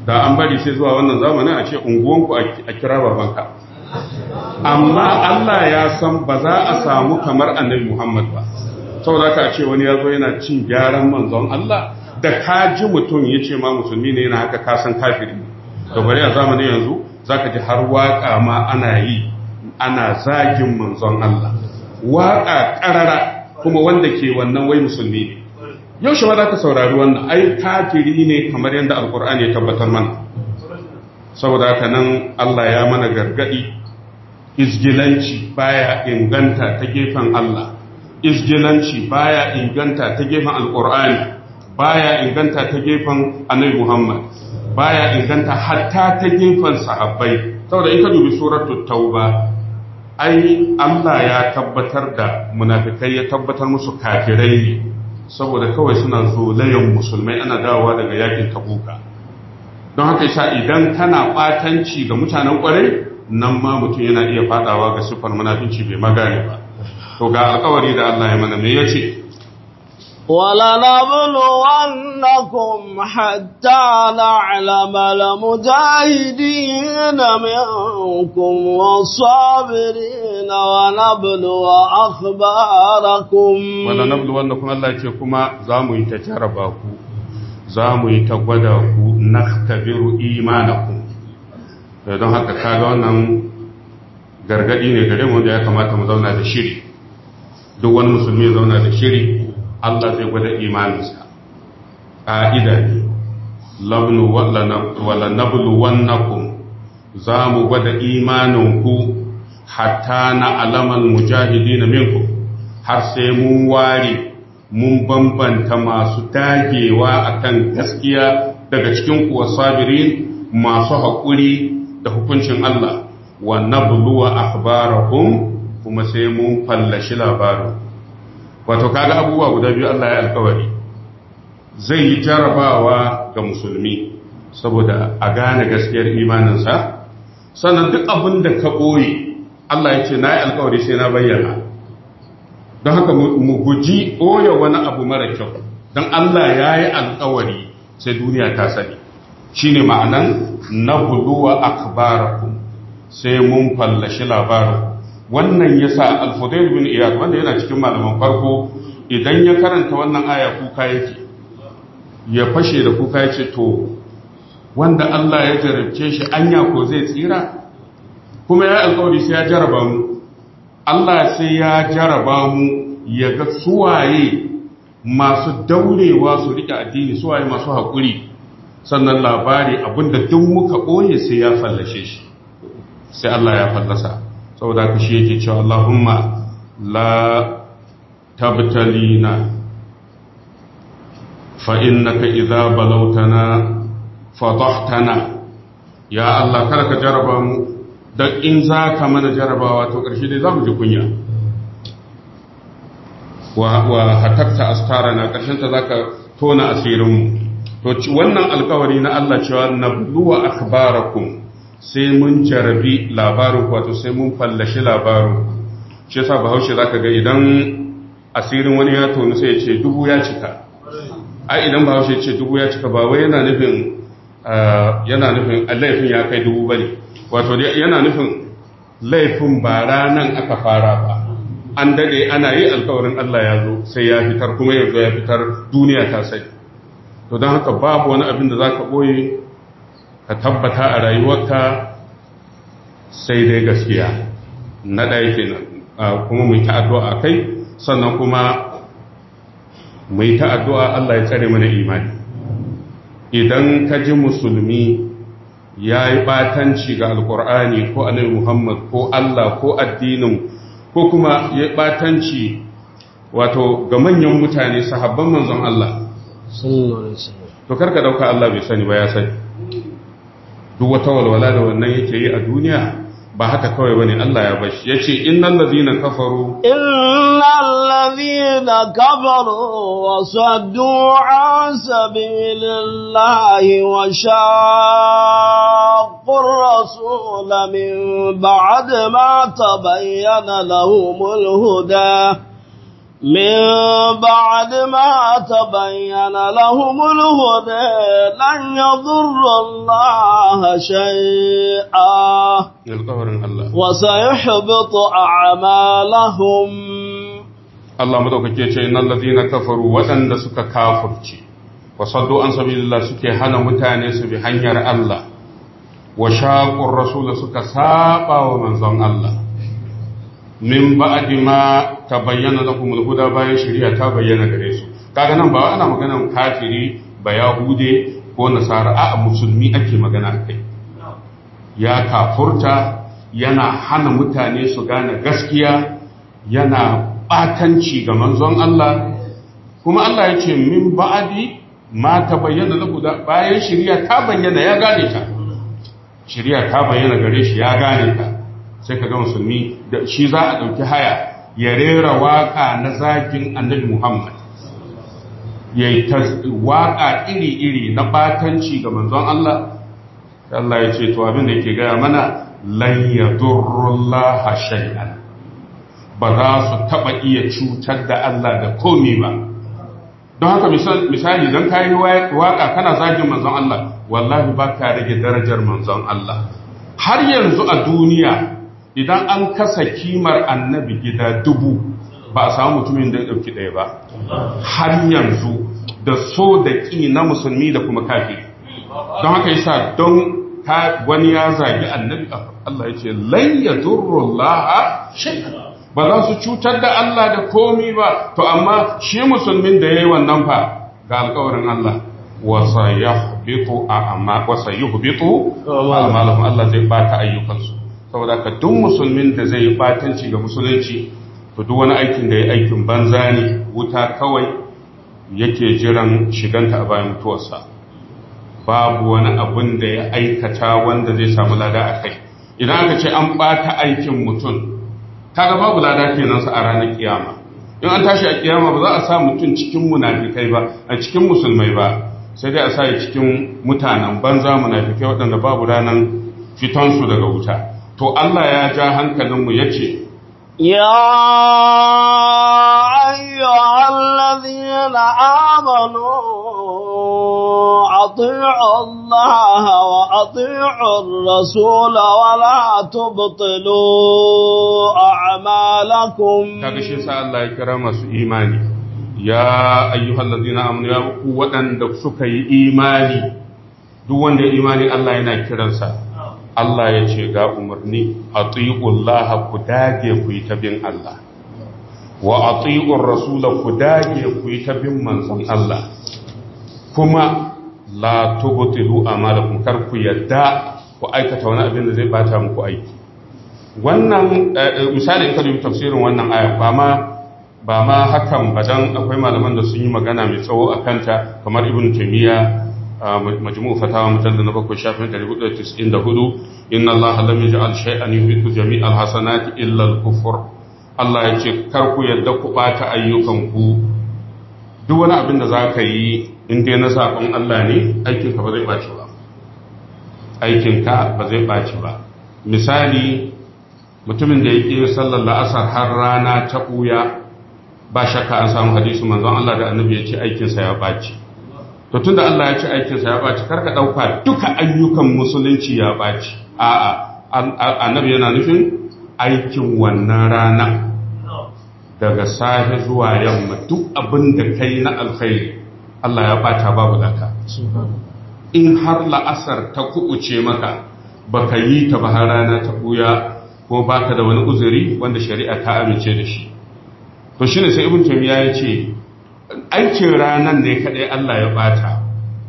da an bari sai zuwa wannan zamanin a ce unguwanku a kira babanka amma Allah ya san ba za a samu kamar annabi Muhammad ba saboda ka ce wani ya zo yana cin gyaran manzon Allah da ka ji mutum ya ce ma musulmi ne yana haka kasan kafiri da bari a zamanin yanzu zaka ji har waƙa ma ana yi ana zagin manzon Allah Waƙa ƙarara kuma wanda ke wannan wai musulmi ne yau shi ma za ka saurari wannan ai kafiri ne kamar yadda alkur'ani ya tabbatar mana saboda haka nan Allah ya mana gargadi izgilanci baya inganta ta gefen Allah isgilanci baya inganta ta gefen alkur'ani baya inganta ta gefen annabi muhammad baya inganta hatta ta gefen sahabbai saboda in ka dubi suratul tauba ai Allah ya tabbatar da munafikai ya tabbatar musu kafirai ne saboda kawai suna zolayen musulmai ana dawowa daga yakin tabuka don haka yasa idan kana ɓatanci ga mutanen ƙwarai, nan ma mutum yana iya faɗawa ga sifar munafinci bai magane ba ga alƙawari da Allah ya mana mai yace
wala nablu annakum hatta la'lama al-mujahidin minkum was-sabirin wa nablu wa akhbarakum wala nablu
annakum Allah yace kuma zamu yi ta jaraba ku zamu yi ta gwada ku nakhtabiru imanakum don haka kaga wannan gargadi ne gare mu da ya kamata mu zauna da shiri duk wani musulmi ya zauna da shiri Allah zai gwada imaninsa ƙa'ida ne labnu wala nablu za mu gwada imaninku hatta na alaman mujahidi na minku har sai mun ware mun bambanta masu dagewa akan gaskiya daga cikin kuwa sabirin masu haƙuri da hukuncin Allah wa nabluwa akhbarahum kuma sai mun fallashi labarin wato kaga abubuwa guda biyu Allah ya alkawari zai yi jarabawa ga musulmi saboda a gane gaskiyar imaninsa sannan duk abin da ka ɓoye Allah ya ce na yi alkawari sai na bayyana don haka mu guji ɓoye wani abu mara kyau don Allah ya yi alkawari sai duniya ta sani shi ne ma'anan na buluwa akabarakun sai mun fallashi labarin wannan ya sa alfudayl bin iyad wanda yana cikin malaman farko idan ya karanta wannan aya kuka yake ya fashe da kuka yace to wanda Allah ya jarabce shi anya ko zai tsira kuma ya alƙawari sai ya jaraba mu Allah sai ya jaraba mu ya ga suwaye masu daurewa su rike addini suwaye masu haƙuri sannan labari abinda duk muka ɓoye sai ya fallashe shi sai Allah ya fallasa saboda ka shi yake cewa Allahumma la tabtalina fa innaka idza balawtana fadahtana ya Allah kar ka jaraba mu dan in za ka mana jarabawa to karshe dai za mu ji kunya wa hatakta astarana karshen ta zaka tona asirin mu to wannan alkawari na Allah cewa nabluwa akhbarakum sai mun jarabi labarin wato sai mun fallashi labarin shi yasa bahaushe zaka ga idan asirin wani ya tonu sai ya ce dubu ya cika ai idan bahaushe haushe ce dubu ya cika ba wai yana nufin yana nufin laifin ya kai dubu bane wato yana nufin laifin ba ranan aka fara ba an dade ana yi alkawarin Allah ya zo sai ya fitar kuma yanzu ya fitar duniya ta sai to don haka babu wani abin da za ka ɓoye. ka tabbata a rayuwarka sai dai gaskiya na ɗaya kenan kuma mai ta'addu'a a kai sannan kuma mai ta'addu'a Allah ya tsare mana imani idan ka ji musulmi ya yi ɓatanci ga alkur'ani ko alai muhammad ko Allah ko addinin ko kuma ya yi ɓatanci wato ga manyan mutane sahabban manzon Allah to karka dauka Allah bai sani ba ya sani duk wata walwala da wannan yake yi a duniya ba haka kawai bane Allah ya bashi yace innal ladina kafaru
innal ladina kafaru wasaddu an sabilillahi wa shaqqur rasul min ba'd ma tabayyana lahumul huda من بعد ما تبين لهم الهدى لن يضر الله شيئا وسيحبط أعمالهم
الله مدوك يتشي إن الذين كفروا وأن سك كافر وصدوا عن سبيل الله سك هنا متانيس بحنير الله وشاقوا الرسول سك ساقا ومن الله min ba'di ma tabayyana lakumul huda bayan shari'a ta bayyana gare su kaga nan ba ana maganar kafiri ba yahude ko nasara a musulmi ake magana kai ya kafurta yana hana mutane su gane gaskiya yana batanci ga manzon Allah kuma Allah ya ce min ba'di ma tabayyana lakumul bayan shari'a ta bayyana ya gane ta shari'a ta bayyana gare shi ya gane ta sai ka ga musulmi da shi za a ɗauki haya ya rera waƙa na zagin annabi muhammad ya yi waƙa iri-iri na batanci ga manzon allah Allah ya ce to abin da yake gaya mana lan yadurrullaha shay'an ba za su taɓa iya cutar da Allah da komi ba don haka misali don kai waƙa kana zagin manzon Allah wallahi baka rage darajar manzon Allah har yanzu a duniya idan an kasa kimar annabi gida dubu ba a samu mutumin da ɗauki ɗaya ba har yanzu da so da ƙi na musulmi da kuma kafi don haka sa don wani ya zagi annabi Allah ya ce lan yadurrullaha ba za su cutar da Allah da komi ba to amma shi musulmin da ya yi wannan fa ga alkawarin Allah amma wasa yi hubitu a a'malahum Allah zai bata ayyukansu saboda ka duk musulmin da zai batanci ga musulunci to duk wani aikin da ya aikin banza ne wuta kawai yake jiran shiganta a bayan mutuwarsa babu wani abin da ya aikata wanda zai samu lada a kai idan aka ce an bata aikin mutum kaga babu lada kenan sa a ranar kiyama in an tashi a kiyama ba za a sa mutum cikin munafikai ba a cikin musulmai ba sai dai a sa cikin mutanen banza munafikai waɗanda babu ranar fitonsu daga wuta to Allah ya ja hankalinmu ya ce,
Ya ayyo allazi na amano, Allah wa adi'un rasula wa latu butulu a amalakun. Kaɗashi
sa Allah ya kira masu imani, ya ayyo allazi na amano waɗanda suka yi imani, duk wanda imani Allah yana kiransa. Allah ya ce ga umarni a tsiƙullaha ku dage ku yi tabin Allah wa a tsiƙun rasula ku dage ku yi tabin manzan Allah kuma la tubtilu a kar ku yadda ku aikata wani abin da zai bata muku aiki wannan eh, eh, misali in kada yi tafsirin wannan aya ba ma ba ma hakan ba don akwai malaman da sun yi magana mai tsawo a kanta kamar ibn taimiyya majmu fatawa mujallal na bakwai shafin 494 inna allaha lam yaj'al shay'an yuhitu jami'al hasanati illa al Allah ya ce kar ku yadda ku bata ayyukan ku duk wani abin da zaka yi in dai na Allah ne aikin ba zai baci ba ba zai ba misali mutumin da ya ƙi sallar la'asar har rana ta ɓuya ba shakka an samu hadisu manzon Allah da annabi ya ce aikinsa ya ɓaci to tunda Allah ya ci aikinsa ya ɓaci karka ɗauka duka ayyukan musulunci ya ɓaci a'a annabi yana nufin aikin wannan rana daga safe zuwa yamma duk abin da kai na alkhairi Allah ya bata babu laka in har la'asar ta kuɓuce maka baka yi ta ba har rana ta buya ko baka da wani uzuri wanda shari'a ta amince da shi to shine sai ibn taymiya ya ce aikin ranar ne kaɗai Allah ya bata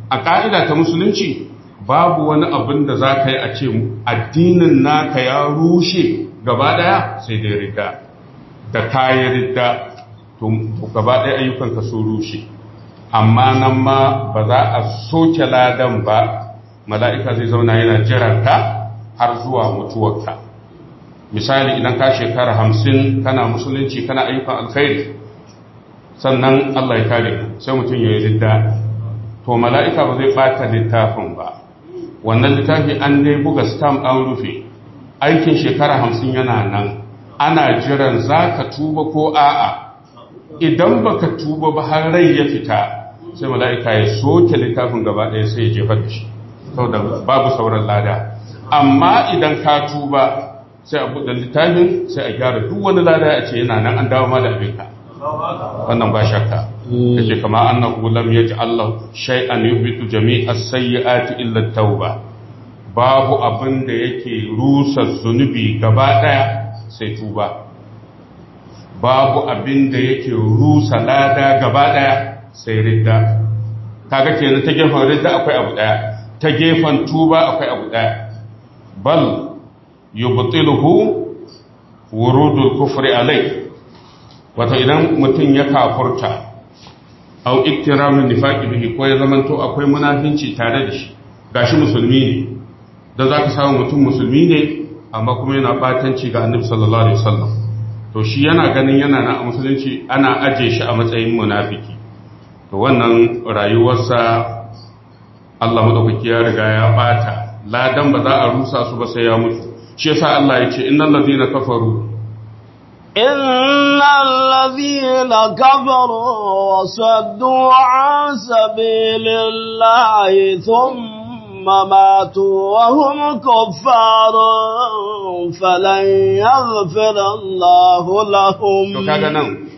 a ƙa'ida ta musulunci babu wani abin da za ka yi a ce addinin naka ya rushe gaba ɗaya sai dai rida da kayi rida gaba ɗaya ayyukanka sun rushe amma nan ma ba za a soke ladan ba mala'ika zai zauna yana jiranta har zuwa mutuwarta. misali idan ka shekara hamsin kana musulunci kana ayyukan alkhairi sannan Allah ya kare sai mutum ya yi zidda to mala'ika ba zai ɓata littafin ba wannan littafin an dai buga stam an rufe aikin shekara hamsin yana nan ana jiran za ka tuba ko a'a idan ba ka tuba ba har rai ya fita sai mala'ika ya soke littafin gaba ɗaya sai ya jefa da shi saboda babu sauran lada amma idan ka tuba sai a buɗe littafin sai a gyara duk wani lada a ce yana nan an dawo ma da abinka wannan ba shakka kace kama annahu lam yaj'al lahu shay'an yubitu jami'a sayyi'ati illa tauba babu abin da yake rusa zunubi gaba daya sai tuba babu abin da yake rusa lada gaba daya sai ridda kaga kenan ta gefen ridda akwai abu daya ta gefen tuba akwai abu daya bal yubtiluhu wurudul kufri alayhi Wata idan mutum ya kafurta au iktiramin nifaqi bihi ko ya zamanto akwai munafinci tare da shi gashi musulmi ne da ka samu mutum musulmi ne amma kuma yana batanci ga annabi sallallahu alaihi wasallam to shi yana ganin yana na a musulunci ana aje shi a matsayin munafiki to wannan rayuwarsa Allah madaukaki ya riga ya bata ladan ba za a rusa su ba sai ya mutu shi yasa Allah ya ce innal ladina kafaru
in إلا الذين كفروا وصدوا عن سبيل الله ثم ماتوا وهم كفار فلن يغفر الله لهم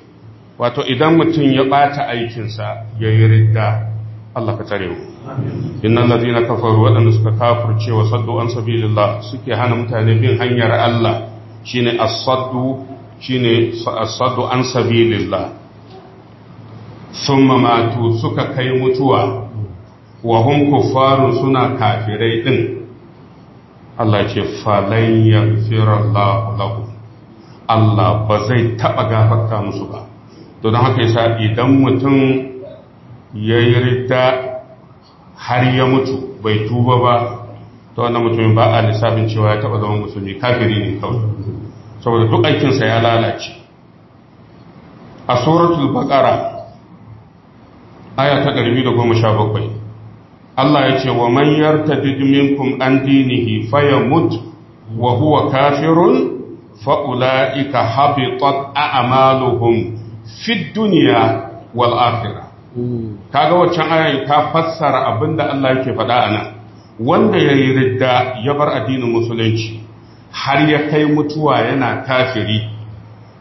wato idan mutum ya ɓata aikinsa ya yi ridda Allah ka tare Inna innan kafaru waɗanda suka kafurce wa saddu an sabilillah suke hana mutane bin hanyar Allah shine as-saddu shine saddu an sabilillah summa matu suka kai mutuwa wa hum kuffarun suna kafirai din Allah ce falan Allah lahu Allah ba zai taba gafarta musu ba to dan haka yasa idan mutum yayi ridda har ya mutu bai tuba ba to wannan mutumin ba a lissafin cewa ya taba zama musulmi kafiri ne kawai saboda duk aikinsa ya lalace a suratul baqara aya ta 117 Allah ya ce wa man yartadid minkum an dinihi fayamut wa huwa kafirun fa ulaika habitat a'maluhum fid dunya wal akhirah kaga waccan ayan ta fassara abinda Allah yake faɗa nan. wanda yayi ridda ya bar addinin musulunci har ya kai mutuwa yana kafiri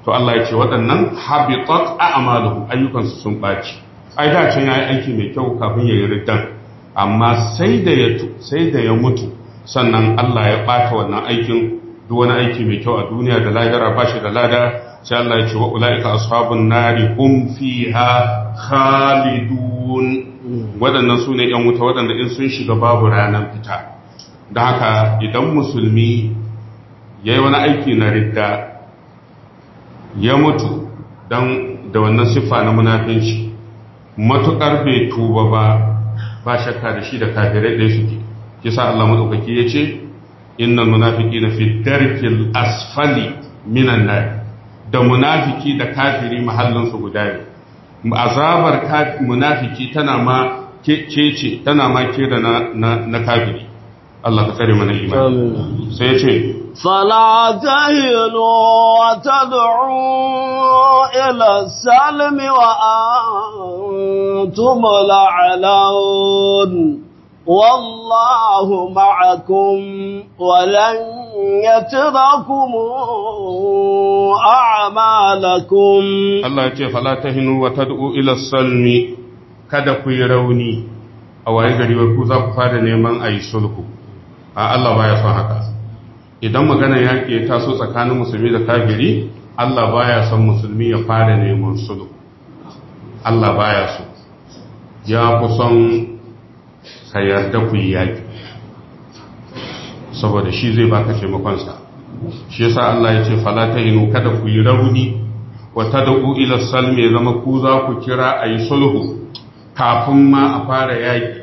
to Allah ya ce waɗannan habitat a'maluhum ayyukansu sun baci ai da can yi aiki mai kyau kafin ya yi riddan amma sai da ya sai da ya mutu sannan Allah ya bata wannan aikin duk wani aiki mai kyau a duniya da lahira ba shi da lada sai Allah ya ce wa ula'ika ashabun nari hum fiha khalidun waɗannan su ne ‘yan wuta waɗanda in sun shiga babu ranar fita da haka idan musulmi ya yi wani aiki na ridda ya mutu don da wannan siffa na munafinci matuƙar bai tuba ba ba shakka da shi da kafirai ɗaya suke kisa Allah matsaukaki ya ce innan munafiki na fi darkil asfali minan nari da munafiki da kafiri mahallinsu guda ne azabar munafiki tana ma kece tana ma da na kafiri Allah ka tsare mana imani sai ya ce
فلا تهنوا وتدعوا إلى السلم وأنتم لعلون والله معكم ولن يتركم أعمالكم
الله يقول فلا تهنوا وتدعوا إلى السلم kada ku yi rauni a waye gari ku za ku fara neman a yi sulhu a Allah ba ya son haka idan magana yaƙi ya taso tsakanin musulmi da kafiri Allah baya son musulmi ya fara neman sulhu Allah baya so ya fi son ka yarda ku yi yaƙi saboda shi zai baka taimakonsa shi yasa Allah ya ce fala ta inu kada ku yi rauni wa tad'u ila salmi zama ku za ku kira ayi sulhu kafin ma a fara yaki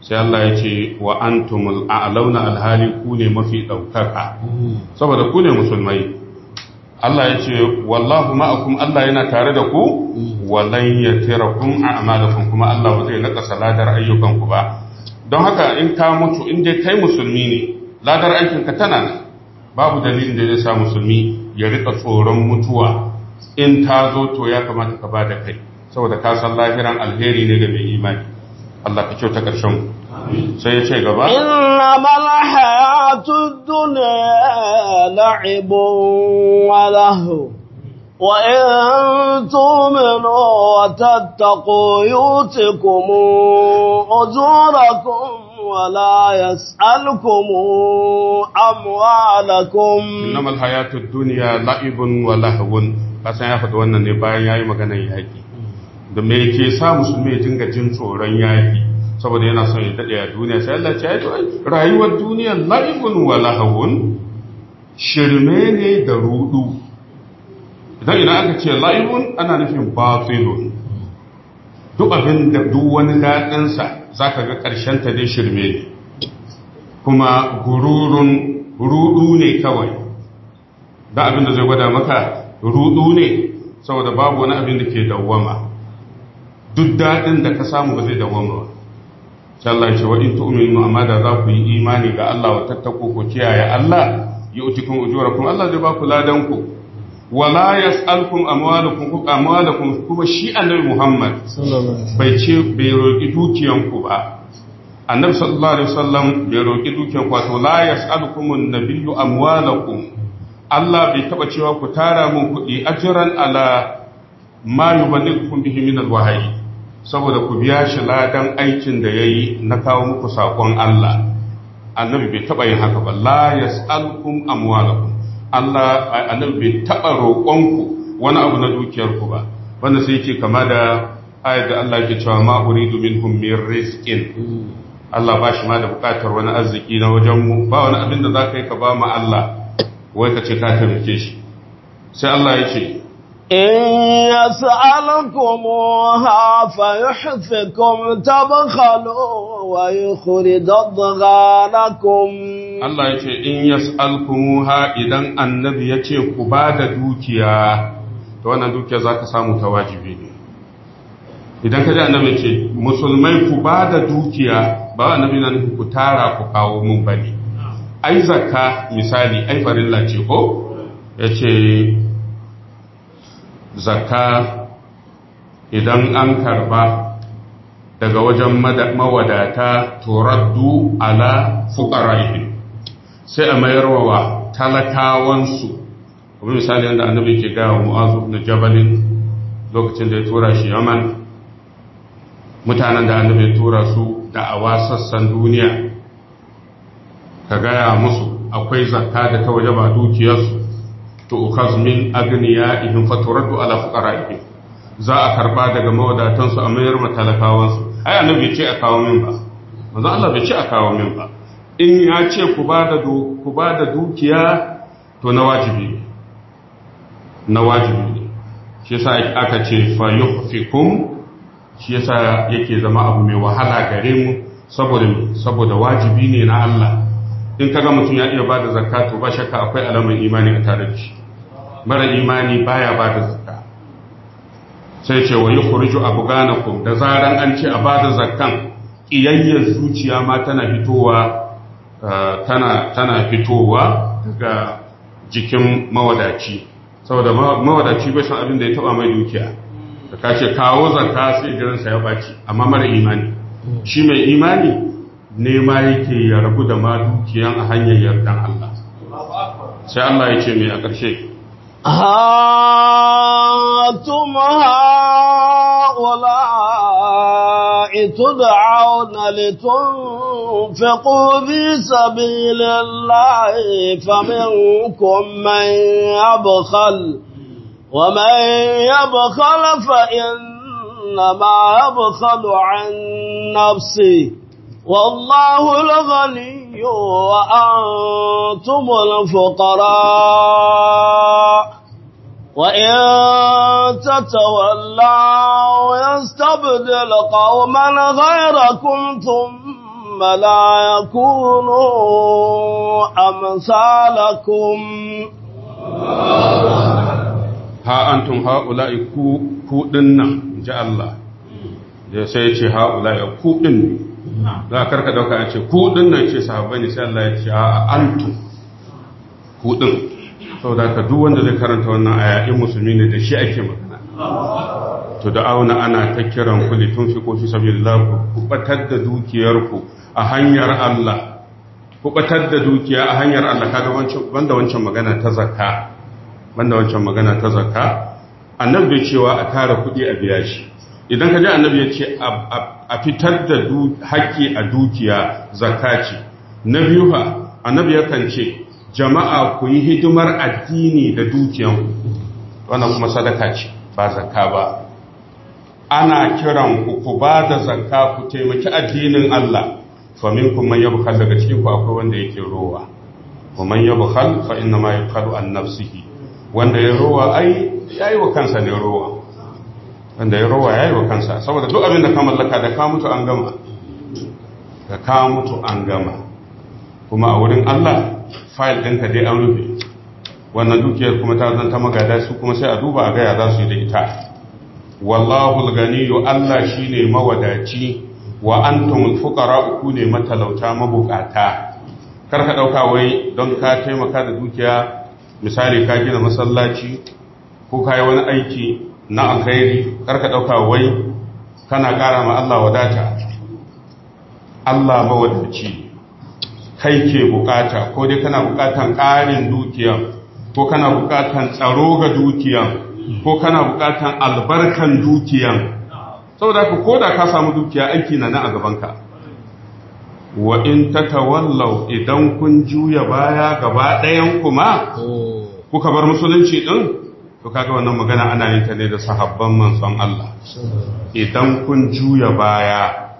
sai Allah ya ce wa antumul a'launa alhali kune ne mafi a hmm. saboda ku ne musulmai Allah ya ce wallahu ma'akum Allah yana tare da ku hmm. walan yatirakum a'malakum kuma Allah ba zai nakasa ladar ayyukan ku ba don haka in ka mutu in dai kai musulmi ne ladar aikin ka tana babu dalilin da zai sa musulmi ya rika tsoron mutuwa in ta zo to ya kamata ka ba da kai saboda ka san lahiran alheri ne ga mai imani Allah ka kyauta ƙarshen sai ya ce gaba
inna mal hayatud dunya la'ibun wa lahu wa in tu'minu wa tattaqu yutikum ujurakum ولا يسألكم أموالكم إنما الحياة
الدنيا لعب ولهو kasan ya faɗi wannan ne bayan ya yi maganar yaƙi da mai ke sa musulmi ya dinga jin tsoron yaki saboda yana son ya daɗe a duniya sai Allah ce ya rayuwar duniya la'ibun wa lahawun shirme ne da rudu idan idan aka ce la'ibun ana nufin batilun duk abin da duk wani dadin sa zaka ga karshen ta dai shirme ne kuma gururun rudu ne kawai da abin da zai gwada maka rudu ne saboda babu wani abin da ke dawwama duk daɗin da ka samu ba zai dawoma ba Allah ce wa in tu'minu amma da za ku yi imani ga Allah wa tattako ko kiyaye Allah yu'tikum ujurakum Allah zai ba ku ladan ku wala yas'alukum amwalukum amwalukum kuma shi annabi Muhammad bai ce bai roki dukiyanku ba annabi sallallahu alaihi wasallam bai roki dukiyanku wato la yas'alukum an-nabiyyu Allah bai taba cewa ku tara mun kuɗi ajran ala ma yuballighukum bihi min al saboda ku biya shi ladan aikin da ya yi na kawo muku saƙon Allah annabi bai taɓa yin haka ba la yas'alkum amwalakum Allah annabi bai taɓa roƙonku wani abu na dukiyarku ba wanda sai yake kama da ayat da Allah ke cewa ma uridu minhum min rizqin Allah ba shi ma da buƙatar wani arziki na wajen mu ba wani abin da zaka yi ka ba mu Allah wai ka ce ka taimake shi sai Allah ya ce
إن يسألكموها فيحفكم تبخلوا ويخرج أضغانكم
الله يقول إن يسألكموها إذن النبي يقول كبادة دوكيا توانا دوكيا ذاك سامو تواجبين idan ka ji annabi ce musulmai ku ba da dukiya ba annabi nan ku tara ku kawo mun bane ai zakka misali ai farilla ce ko yace zakka idan an karba daga wajen mawadata turaddu ala fuqara'ihim sai a mayarwa talakawansu kuma misali yadda annabi ke gaya wa mu'azu na jabalin lokacin da ya tura shi yaman mutanen da annabi ya tura su da da'awa sassan duniya ka gaya musu akwai zakka da ta waje ba dukiyarsu tu'khaz min agniyaihim faturaddu ala fuqaraihim za a karba daga mawadatan su a mayar matalakawan su ai annabi ce a kawo min ba manzo Allah bai ce a kawo min ba in ya ce ku ba da ku ba da dukiya to na wajibi ne na wajibi ne shi yasa aka ce fa yufikum shi yasa yake zama abu mai wahala gare mu saboda saboda wajibi ne na Allah in kaga mutum ya iya ba zakka to ba shakka akwai alamar imani a tare da shi mara imani baya ba da zakka sai ce wa yi abganakum abu da zaran an ce a ba da zakkan iyayen zuciya ma tana fitowa eh, tana fitowa daga jikin mawadaci saboda mawadaci bai san abin da ya taba mai dukiya da ka kawo zakka sai sa ya baci amma mara imani shi mai imani nema yake ya rabu da ma dukiyan a hanyar yardan Allah sai Allah ya ce mai a ƙarshe
هانتم هؤلاء تدعون لتنفقوا في سبيل الله فمنكم من يبخل ومن يبخل فإنما يبخل عن نفسه والله الغني وأنتم الفقراء وإن تتولوا يستبدل قوما غيركم ثم لا يكونوا أمثالكم
ها أنتم هؤلاء كودنا جاء الله sai ce ha'ula za a karka dauka an ce kudin nan ce sahabbai ne sai Allah ya ce a antu kudin saboda ka duk wanda zai karanta wannan aya in musulmi ne da shi ake
magana to da auna ana ta
kiran ku tun fi kofi sabilillah ku batar da dukiyarku a hanyar Allah ku batar da dukiya a hanyar Allah kaga wancan banda wancan magana ta zakka banda wancan magana ta zakka annabi cewa a tara kudi a biya shi idan ka ji annabi ya ce a fitar da haƙƙi a dukiya zakka ce na biyu ha annabi yakan ce jama'a ku yi hidimar addini da dukiyan ku. wannan kuma sadaka ce ba zakka ba ana kiran ku ku ba da zakka ku taimaki addinin Allah fa minkum man yabkhal daga cikin ku akwai wanda yake rowa wa man yabkhal fa inna ma yabkhalu an nafsihi wanda ya rowa ai yayi wa kansa ne rowa wanda ya rawa ya yi wa kansa saboda duk abin da ka mallaka da ka mutu an gama da ka mutu an gama kuma a wurin Allah fayil ɗinka dai an rufe wannan dukiyar kuma ta zanta magada su kuma sai a duba a gaya za su yi da ita wallahu ganiyu Allah shine mawadaci wa antumul fuqara ku ne matalauta mabukata kar ka ɗauka wai don ka taimaka da dukiya misali ka gina masallaci ko kai wani aiki na alkhairi karka ɗauka wai kana kara ma Allah wadata Allah mawadaci kai ke bukata ko dai kana bukatan ƙarin dukiya ko kana bukatan tsaro ga dukiya ko kana bukatan albarkan dukiya saboda ka koda ka samu dukiya aiki na nan a gabanka wa in tatawallau idan kun juya baya gaba ɗayan kuma oh. kuka bar musulunci din? to kaga wannan magana ana yin ta ne da sahabban manzon Allah idan kun juya baya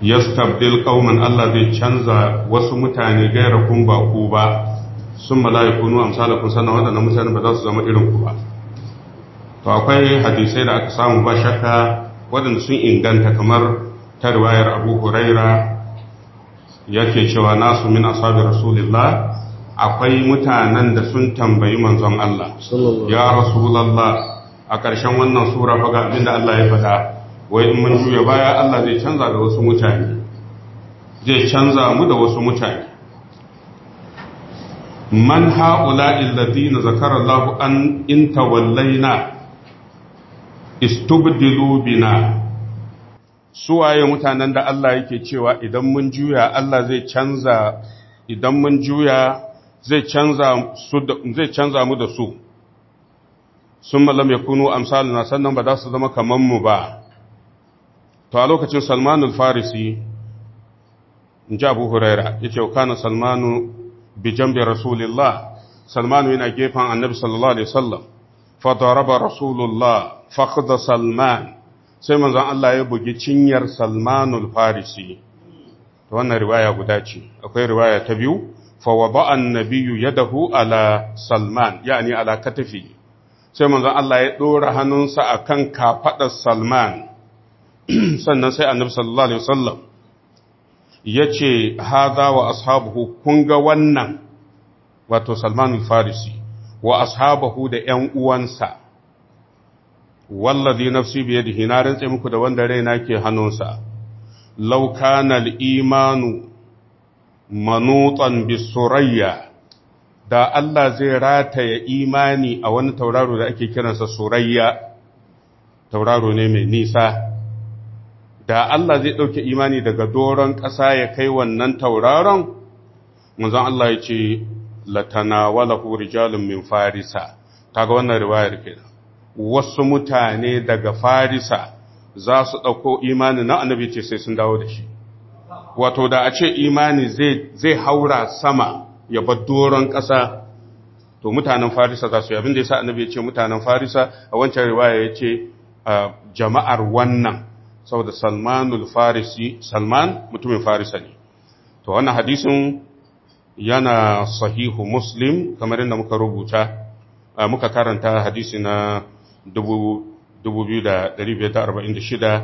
yastabdil qauman Allah zai canza wasu mutane gaira kun ba ku ba sun amsala amsalakun sanan wadannan mutane ba za su zama irin ku ba to akwai hadisai da aka samu ba shakka waɗanda sun inganta kamar ta riwayar Abu Huraira yake cewa nasu min ashabi Rasulillah akwai mutanen da sun tambayi manzon Allah ya rasulullah a ƙarshen wannan sura fa ga abinda Allah ya faɗa wai in mun juya baya Allah zai canza da wasu mutane zai canza mu da wasu mutane man haula alladhina zakara Allah an in tawallaina istubdilu bina suwaye mutanen da Allah yake cewa idan mun juya Allah zai canza idan mun juya zai canza mu da su sun malam ya kunu na sannan ba za su zama kaman mu ba to a lokacin Salmanu farisi in ji abu huraira ya ce kana salmanu bi jambi rasulillah salmanu yana gefen annabi sallallahu alaihi wasallam fa rasulullah faqda salman sai manzan Allah ya bugi cinyar salmanul farisi to wannan riwaya guda ce akwai riwaya ta biyu fa wada ya dahu ala salman yani ala katafi sai manzon Allah ya ɗora hannunsa akan kafaɗar salman sannan sai annabi sallallahu alaihi wasallam yace hadha wa ashabuhu kun ga wannan wato salman farisi wa ashabuhu da ƴan uwansa wallazi nafsi biyadihi na rantse muku da wanda raina ke hannunsa law imanu manutan bisurayya da Allah zai rataya imani a wani tauraro da ake kiransa surayya tauraro ne mai nisa da Allah zai ɗauke imani daga doron ƙasa ya kai wannan tauraron manzon Allah ya ce latanawalahu rijalun min farisa kaga wannan riwayar kenan wasu mutane daga farisa za su ɗauko imani na annabi ce sai sun dawo da shi wato da a ce imani zai haura sama ya bar doron ƙasa to mutanen farisa za su yi da ya sa annabi ya ce mutanen farisa a wancan riwaya ya ce jama'ar wannan saboda salmanul farisi salman mutumin farisa ne to wannan hadisin yana sahihu muslim kamar yadda muka rubuta muka karanta hadisi na 2546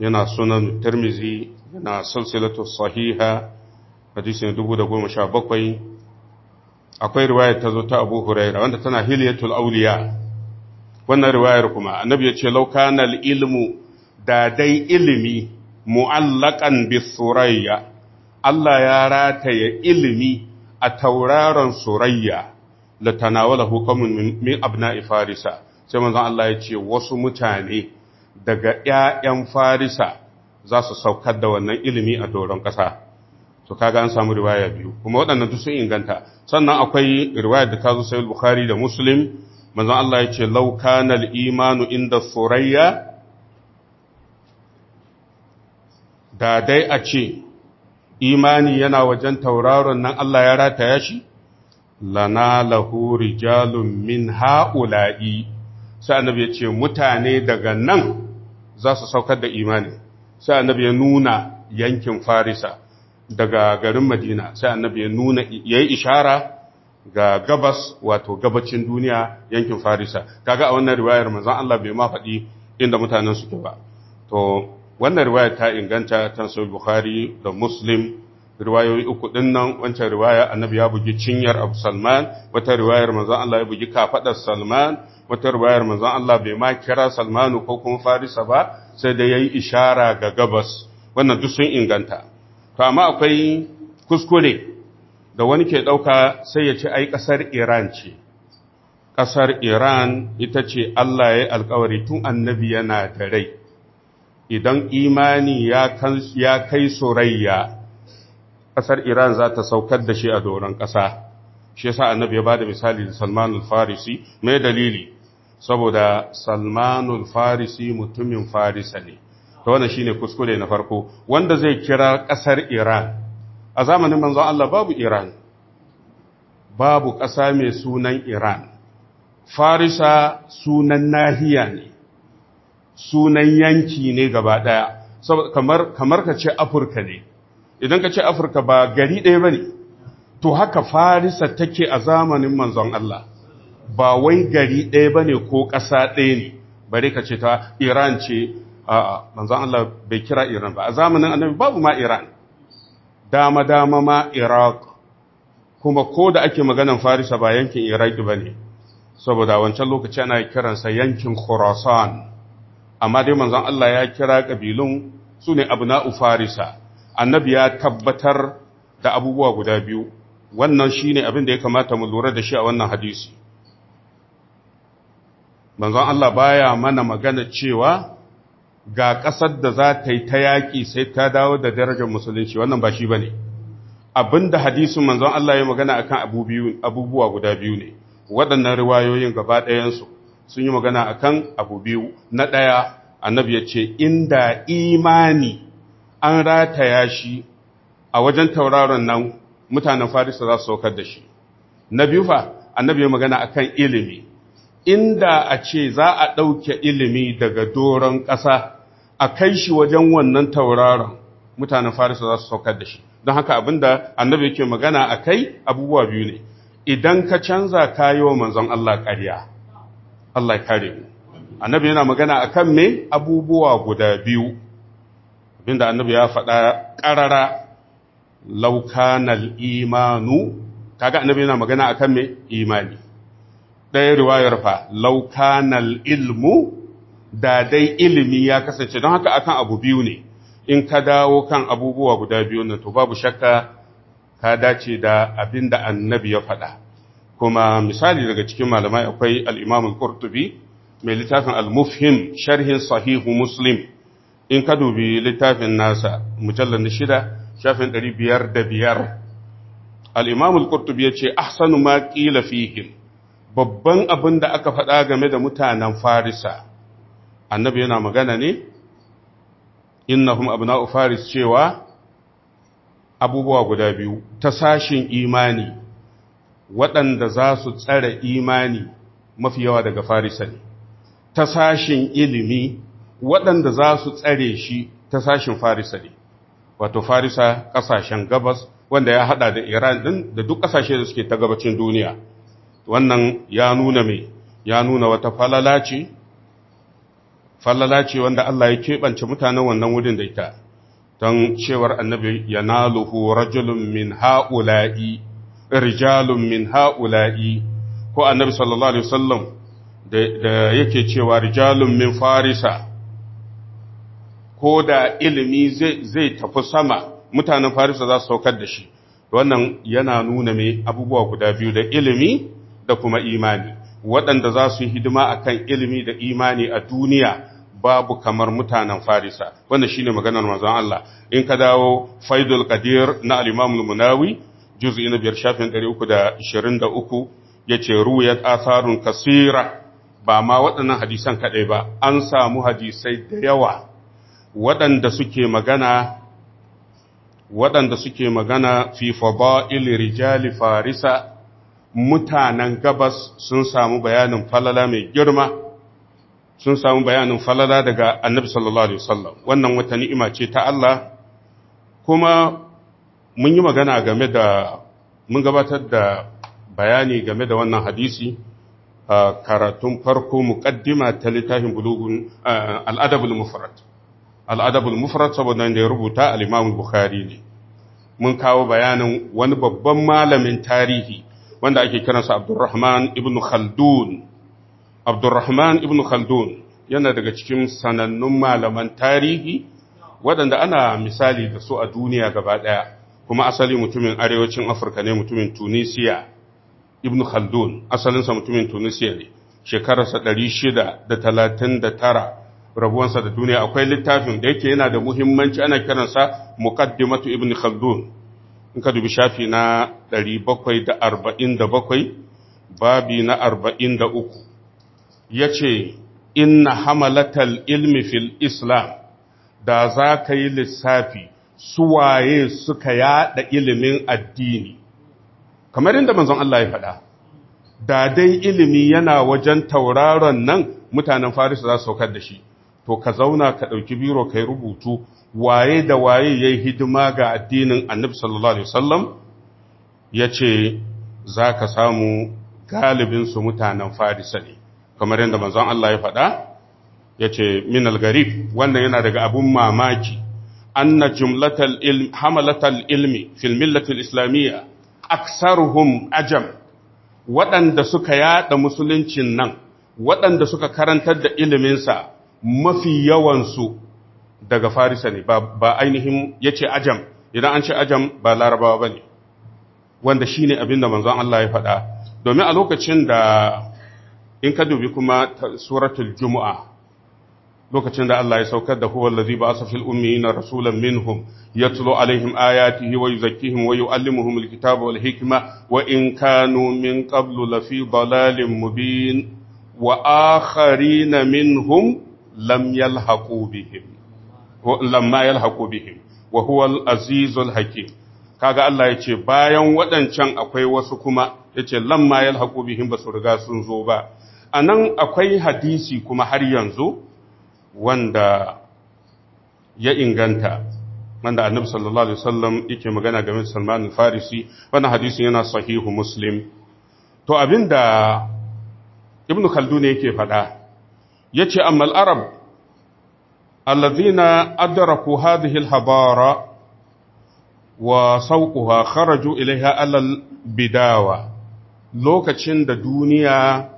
yana sunan tirmizi na silsilatu sahiha hadisin 1017 akwai riwayar ta zo ta Abu Huraira wanda tana hilyatul auliya wannan riwayar kuma annabi ya ce law ilmu da dai ilimi mu'allaqan bis surayya Allah ya rataya ilimi a tauraron surayya la tanawalahu qaumun min abna'i farisa sai manzon Allah ya ce wasu mutane daga ƴaƴan farisa za su saukar da wannan ilimi a doron ƙasa to kaga an samu riwaya biyu kuma waɗannan duk sun inganta sannan akwai riwayar da ta zo sai bukhari da muslim manzon Allah ya ce law kana al-imanu inda surayya da dai a ce imani yana wajen tauraron nan Allah ya rataya shi lana lahu rijalun min ha'ula'i sai annabi ya ce mutane daga nan za su saukar da imani sai annabi ya nuna yankin farisa daga garin madina sai annabi ya nuna ya yi ishara ga gabas wato gabacin duniya yankin farisa kaga a wannan riwayar manzon Allah bai ma faɗi inda mutanen suke ba to wannan riwaya ta inganta ta sahih bukhari da muslim riwayoyi uku din nan wancan riwaya annabi ya bugi cinyar abu salman wata riwayar manzon Allah ya bugi kafadar salman wata riwayar manzon Allah bai ma kira salmanu ko kuma farisa ba sai da ya yi ishara ga gabas wannan duk sun inganta to amma akwai kuskure da wani ke ɗauka sai ya ce ai ƙasar iran ce ƙasar iran ita ce allah ya yi alkawari tun annabi yana da rai idan imani ya kai sorayya ƙasar iran za ta saukar da shi a doron ƙasa shi yasa annabi ya bada misali da salman al-farisi mai dalili saboda salmanul farisi mutumin farisa ne ta wannan shine kuskure na farko wanda zai kira ƙasar iran a zamanin manzon Allah babu iran babu ƙasa mai sunan iran farisa sunan nahiya ne sunan yanki ne gaba ɗaya kamar ka ce afirka ne idan ka ce afirka ba gari ɗaya ba ne to haka farisa take a zamanin manzon Allah ba wai gari ɗaya ba ne ko ƙasa ɗaya ne bare ka ce ta iran ce a manzan Allah bai kira iran ba a zamanin annabi babu ma iran dama dama ma iraq kuma ko da ake maganan farisa ba yankin iraq ba ne saboda wancan lokaci ana kiransa yankin khurasan amma dai manzon Allah ya kira kabilun su ne abna'u farisa annabi ya tabbatar da abubuwa guda biyu wannan shi ne abin da ya kamata mu lura da shi a wannan hadisi manzon Allah baya mana magana cewa ga ƙasar da za ta yi ta yaƙi sai ta dawo da darajar musulunci wannan ba shi ba ne abinda hadisin manzon Allah ya magana akan abubuwa guda biyu ne waɗannan riwayoyin gaba ɗayansu sun yi magana akan abu biyu na ɗaya annabi ya ce inda imani an rataya shi a wajen tauraron nan mutanen farisa za su saukar da shi na biyu fa annabi ya magana akan ilimi inda a ce za a ɗauke ilimi daga doron ƙasa a kai shi wajen wannan tauraron mutanen farisa za su saukar da shi don haka abinda annabi yake magana a kai abubuwa biyu ne idan ka canza kayo manzon Allah ƙarya Allah kare mu annabi yana magana a kan me abubuwa guda biyu abinda annabi ya faɗa ƙarara laukanal imanu kaga annabi yana magana a kan me imani ɗaya riwayar fa laukanal ilmu da dai ilimi ya kasance don haka akan abu biyu ne in ka dawo kan abubuwa guda biyu nan to babu shakka ka dace da abin da annabi ya faɗa kuma misali daga cikin malamai akwai al kurtubi mai littafin al-mufhim sharhin sahihu muslim in ka dubi littafin nasa mujallar na shida shafin ɗari biyar da biyar al'imamul kurtubi ya ce ahsanu ma ƙila fihim babban abin da aka faɗa game da mutanen farisa annabi yana magana ne innahum abna'u faris cewa abubuwa guda biyu ta sashin imani waɗanda za su tsare imani mafi yawa daga farisa ne ta sashin ilimi waɗanda za su tsare shi ta sashin farisa ne wato farisa ƙasashen gabas wanda ya haɗa da iran ɗin da duk ƙasashe da suke ta gabacin duniya wannan ya nuna mai ya nuna wata falala ce falala ce wanda Allah ya keɓance mutanen wannan wurin da ita don cewar annabi ya naluhu rajulun min ha'ula'i rijalun min ha'ula'i ko annabi sallallahu alaihi wasallam da yake cewa rijalun min farisa ko da ilimi zai tafi sama mutanen farisa za su saukar da shi wannan yana nuna mai abubuwa guda biyu da ilimi da kuma imani waɗanda za su yi hidima kan ilimi da imani a duniya babu kamar mutanen farisa wanda shi ne maganar manzon Allah in ka dawo faidul qadir na alimamul munawi juz'i na biyar shafin 323 yace ruwayat atharun kasira ba ma waɗannan hadisan kaɗai ba an samu hadisai da yawa waɗanda suke magana waɗanda suke magana fi rijali farisa mutanen gabas sun samu bayanin falala mai girma sun samu bayanin falala daga annabi sallallahu alaihi wasallam wannan wata ni'ima ce ta Allah kuma mun yi magana game da mun gabatar da bayani game da wannan hadisi a karatun farko muqaddima ta littafin bulugun al-adabul mufrad al-adabul mufrad saboda da ya rubuta al-imam bukhari ne mun kawo bayanin wani babban malamin tarihi wanda ake kiransa Abdurrahman ibn Khaldun Abdurrahman ibn Khaldun yana daga cikin sanannun malaman tarihi waɗanda ana misali da su a duniya gaba ɗaya kuma asali mutumin arewacin Afirka ne mutumin Tunisia ibn Khaldun asalinsa mutumin Tunisia ne shekararsa 639 rabuwansa da duniya akwai littafin da yake yana da muhimmanci ana kiransa muqaddimatu ibn khaldun in ka dubi shafi na 747 babi na 43 ce inna hamalatal ilmi fil islam da za ka yi lissafi suwaye suka yada ilimin addini kamar inda manzon Allah ya faɗa da dai ilimi yana wajen tauraron nan mutanen Faris za su saukar da shi to ka zauna ka ɗauki biro ka rubutu waye da waye ya yi hidima ga addinin annabi sallallahu alaihi wasallam ya ce za ka samu galibinsu mutanen farisa ne kamar yadda manzon Allah ya faɗa ya ce min algarif wannan yana daga abun mamaki anna jumlatal ilmi hamalatal ilmi fil millatil islamiyya aksaruhum ajam waɗanda suka yaɗa musuluncin nan waɗanda suka karantar da iliminsa mafi yawansu daga farisa ne ba ainihin ya ce ajam idan an ce ajam ba larabawa ba ne wanda shi ne abinda manzon Allah ya faɗa domin a lokacin da in ka dubi kuma suratul juma'a lokacin da Allah ya saukar da huwa allazi ba'atha fil ummiyina rasulan minhum yatlu alaihim ayatihi wa yuzakkihim wa yuallimuhum alkitaba wal hikma wa in kanu min qablu lafi dalalin mubin wa akharina minhum lam yalhaqu bihim lamma yalhaqu bihim wa huwal azizul hakim kaga Allah ya ce bayan waɗancan akwai wasu kuma yace ce lamma yalhaqu bihim basu riga sun zo ba anan akwai hadisi kuma har yanzu wanda ya inganta wanda annabi sallallahu alaihi wasallam yake magana game da Salman al-Farisi wannan hadisin yana sahihu Muslim to abinda ibnu Khaldun yake faɗa yace amma al-Arab allazina adraku hadhihi al-habara wa sauquha kharaju ilaiha alal bidawa lokacin da duniya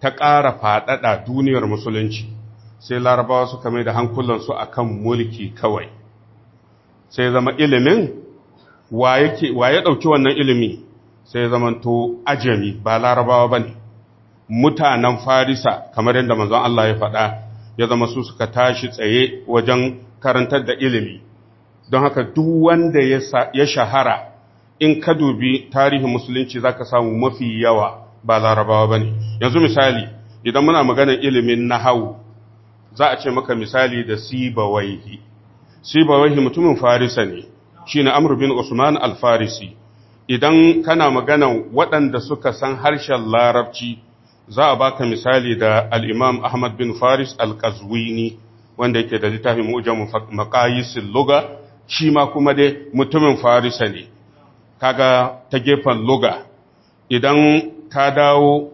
ta ƙara faɗaɗa duniyar musulunci sai larabawa suka mai da hankulansu akan mulki kawai sai zama ilimin wa ya ɗauki wannan ilimi sai zamanto ajami ba larabawa ba ne mutanen farisa kamar yadda manzon Allah ya faɗa ya zama su suka tashi tsaye wajen karantar da ilimi don haka duk wanda ya shahara in ka dubi tarihin musulunci za ka samu mafi yawa ba larabawa ba ne. yanzu misali idan muna maganar ilimin nahawu za a ce maka misali da sibawaihi sibawaihi mutumin farisa ne shine amr bin usman AlFarisi. idan kana maganan waɗanda suka san harshen larabci za a baka misali da al'imam Ahmad bin Faris al-Qazwini wanda yake da littafin Mu'jam Maqayisil Lugha shi ma kuma dai mutumin Farisa ne kaga ta gefen lugha idan ka dawo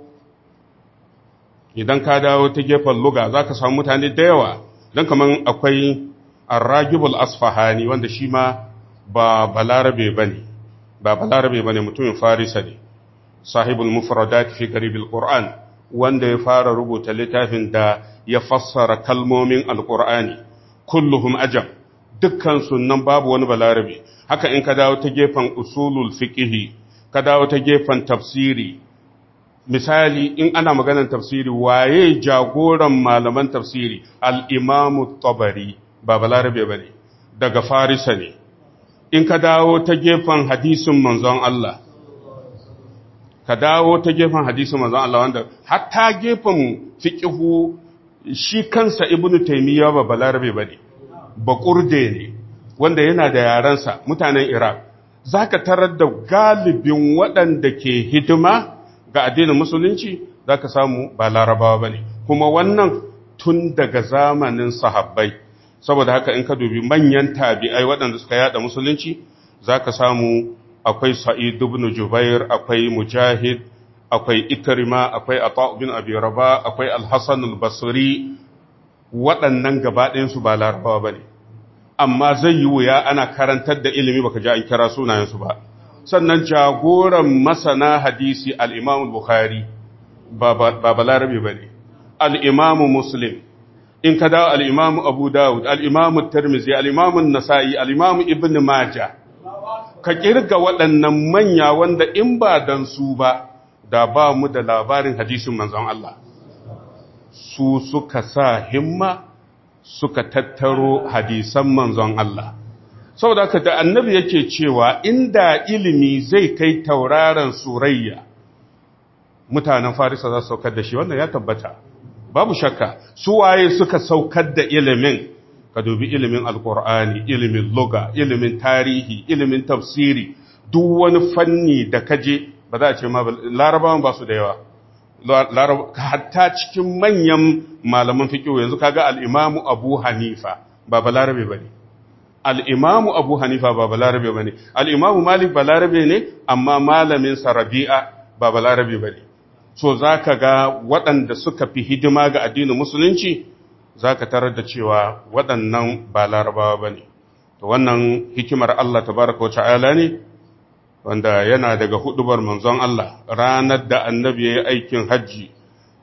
idan ka dawo ta gefen za zaka samu mutane da yawa dan kamar akwai arragibul ragibul Asfahani wanda shi ma ba balarabe bane ba balarabe mutumin Farisa ne sahibul mufradat fi qarib al wanda ya fara rubuta littafin da ya fassara kalmomin alkur'ani kulluhum ajam dukkan sunan babu wani balarabe haka in ka dawo ta gefen usulul fiqhi ka dawo ta gefen tafsiri misali in ana maganar tafsiri waye jagoran malaman tafsiri al-imamu tabari ba balarabe bane daga farisa ne in ka dawo ta gefen hadisin manzon Allah ka dawo ta gefen hadisi manzon Allah wanda hatta gefen fiqhu shi kansa ibnu taymiya ba balarabe bane bakurde ne wanda yana da yarensa mutanen Iraq zaka tarar da galibin waɗanda ke hidima ga addinin musulunci zaka samu ba larabawa bane kuma wannan tun daga zamanin sahabbai saboda haka in ka dubi manyan tabi'ai waɗanda suka yada musulunci zaka samu akwai Sa'id ibn Jubair akwai Mujahid akwai Itarima, akwai Atha ibn akwai Alhassan hasan basri waɗannan gaba ba Larabawa ne. amma zai yi wuya ana karantar da ilimi baka ji an kira sunayensu ba sannan jagoran masana hadisi al-Imam Bukhari ba ba Larabi ba ne. Al'imamu Muslim in ka dawo al'imamu Abu Dawud al'imamu imam al'imamu nasai al Ibn Maja. ka ƙirga waɗannan manya wanda in ba dan su ba da ba mu da labarin hadisin manzon Allah su suka sa himma suka tattaro hadisan manzon Allah saboda haka da annabi yake cewa inda ilimi zai kai tauraron surayya mutanen farisa za su saukar da shi wannan ya tabbata babu shakka su waye suka saukar da ilimin ka dubi ilimin alkur'ani ilimin luga ilimin tarihi ilimin tafsiri duk wani fanni da kaje ba za a ce ma larabawan ba su da yawa hatta cikin manyan malaman fiƙiyo yanzu kaga al'imamu abu hanifa ba larabe ba ne al'imamu abu hanifa ba larabe ba ne al'imamu malik larabe ne amma malamin sarabi'a ba larabe ba ne so za ka ga waɗanda suka fi hidima ga addinin musulunci za ka tarar da cewa waɗannan ba larabawa ba ne to wannan hikimar Allah Ta Baraka wa ala ne wanda yana daga hudubar manzon Allah ranar da annabi ya yi aikin hajji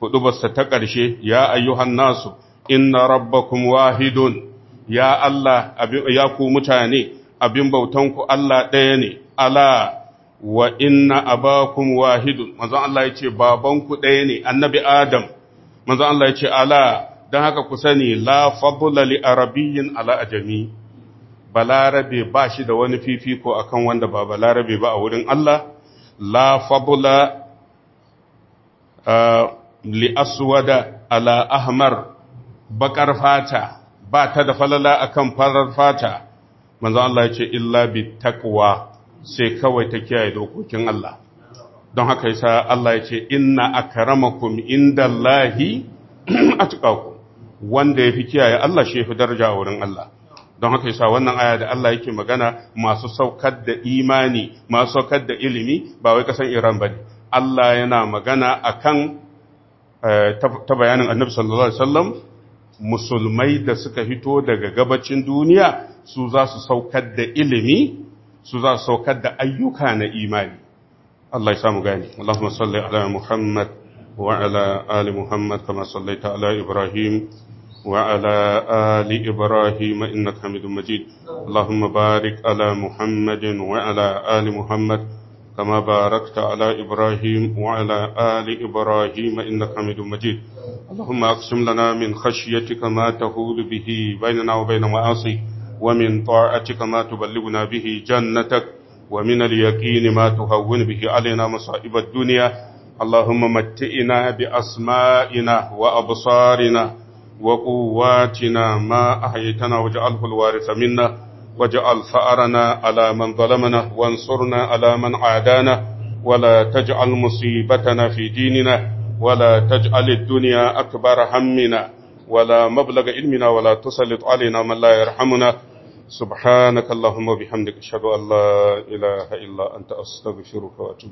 hudubarsa ta ƙarshe ya ayyuhan nasu inna rabbakum wahidun ya Allah ya ku mutane abin bautanku Allah ɗaya ne ala wa inna abakum wahidun manzon Allah ya ce babanku ɗaya ne annabi Adam manzon Allah ya ce ala don haka ku sani la fadula li arabiyyin ala ajami balarabe ba shi da wani fifiko akan wanda ba balarabe ba a wurin Allah la fadula eh, li aswada ala ahmar bakar fata ba ta da falala akan farar fata manzo Allah ya ce illa bi taqwa sai kawai ta kiyaye dokokin Allah don haka yasa Allah ya ce inna akramakum indallahi *clears throat* atqakum wanda ya fi kiyaye Allah shi ya fi daraja a wurin Allah don haka yasa wannan aya da Allah yake magana masu saukar da imani masu saukar da ilimi ba wai kasan Iran bane Allah yana magana akan eh, ta bayanin Annabi sallallahu alaihi wasallam musulmai da suka fito daga gabacin duniya su za su saukar da ilimi su za su saukar da ayyuka na imani Allah ya samu gani Allahumma salli ala Muhammad وعلى آل محمد كما صليت على إبراهيم وعلى آل إبراهيم إنك حميد مجيد اللهم بارك على محمد وعلى آل محمد كما باركت على إبراهيم وعلى آل إبراهيم إنك حميد مجيد اللهم أقسم لنا من خشيتك ما تهول به بيننا وبين معاصيك ومن طاعتك ما تبلغنا به جنتك ومن اليقين ما تهون به علينا مصائب الدنيا اللهم متئنا بأسمائنا وأبصارنا وقواتنا ما أحيتنا واجعله الوارث منا واجعل ثأرنا على من ظلمنا وانصرنا على من عادانا ولا تجعل مصيبتنا في ديننا ولا تجعل الدنيا أكبر همنا ولا مبلغ علمنا ولا تسلط علينا من لا يرحمنا سبحانك اللهم وبحمدك أشهد أن لا إله إلا أنت أستغفرك وأتوب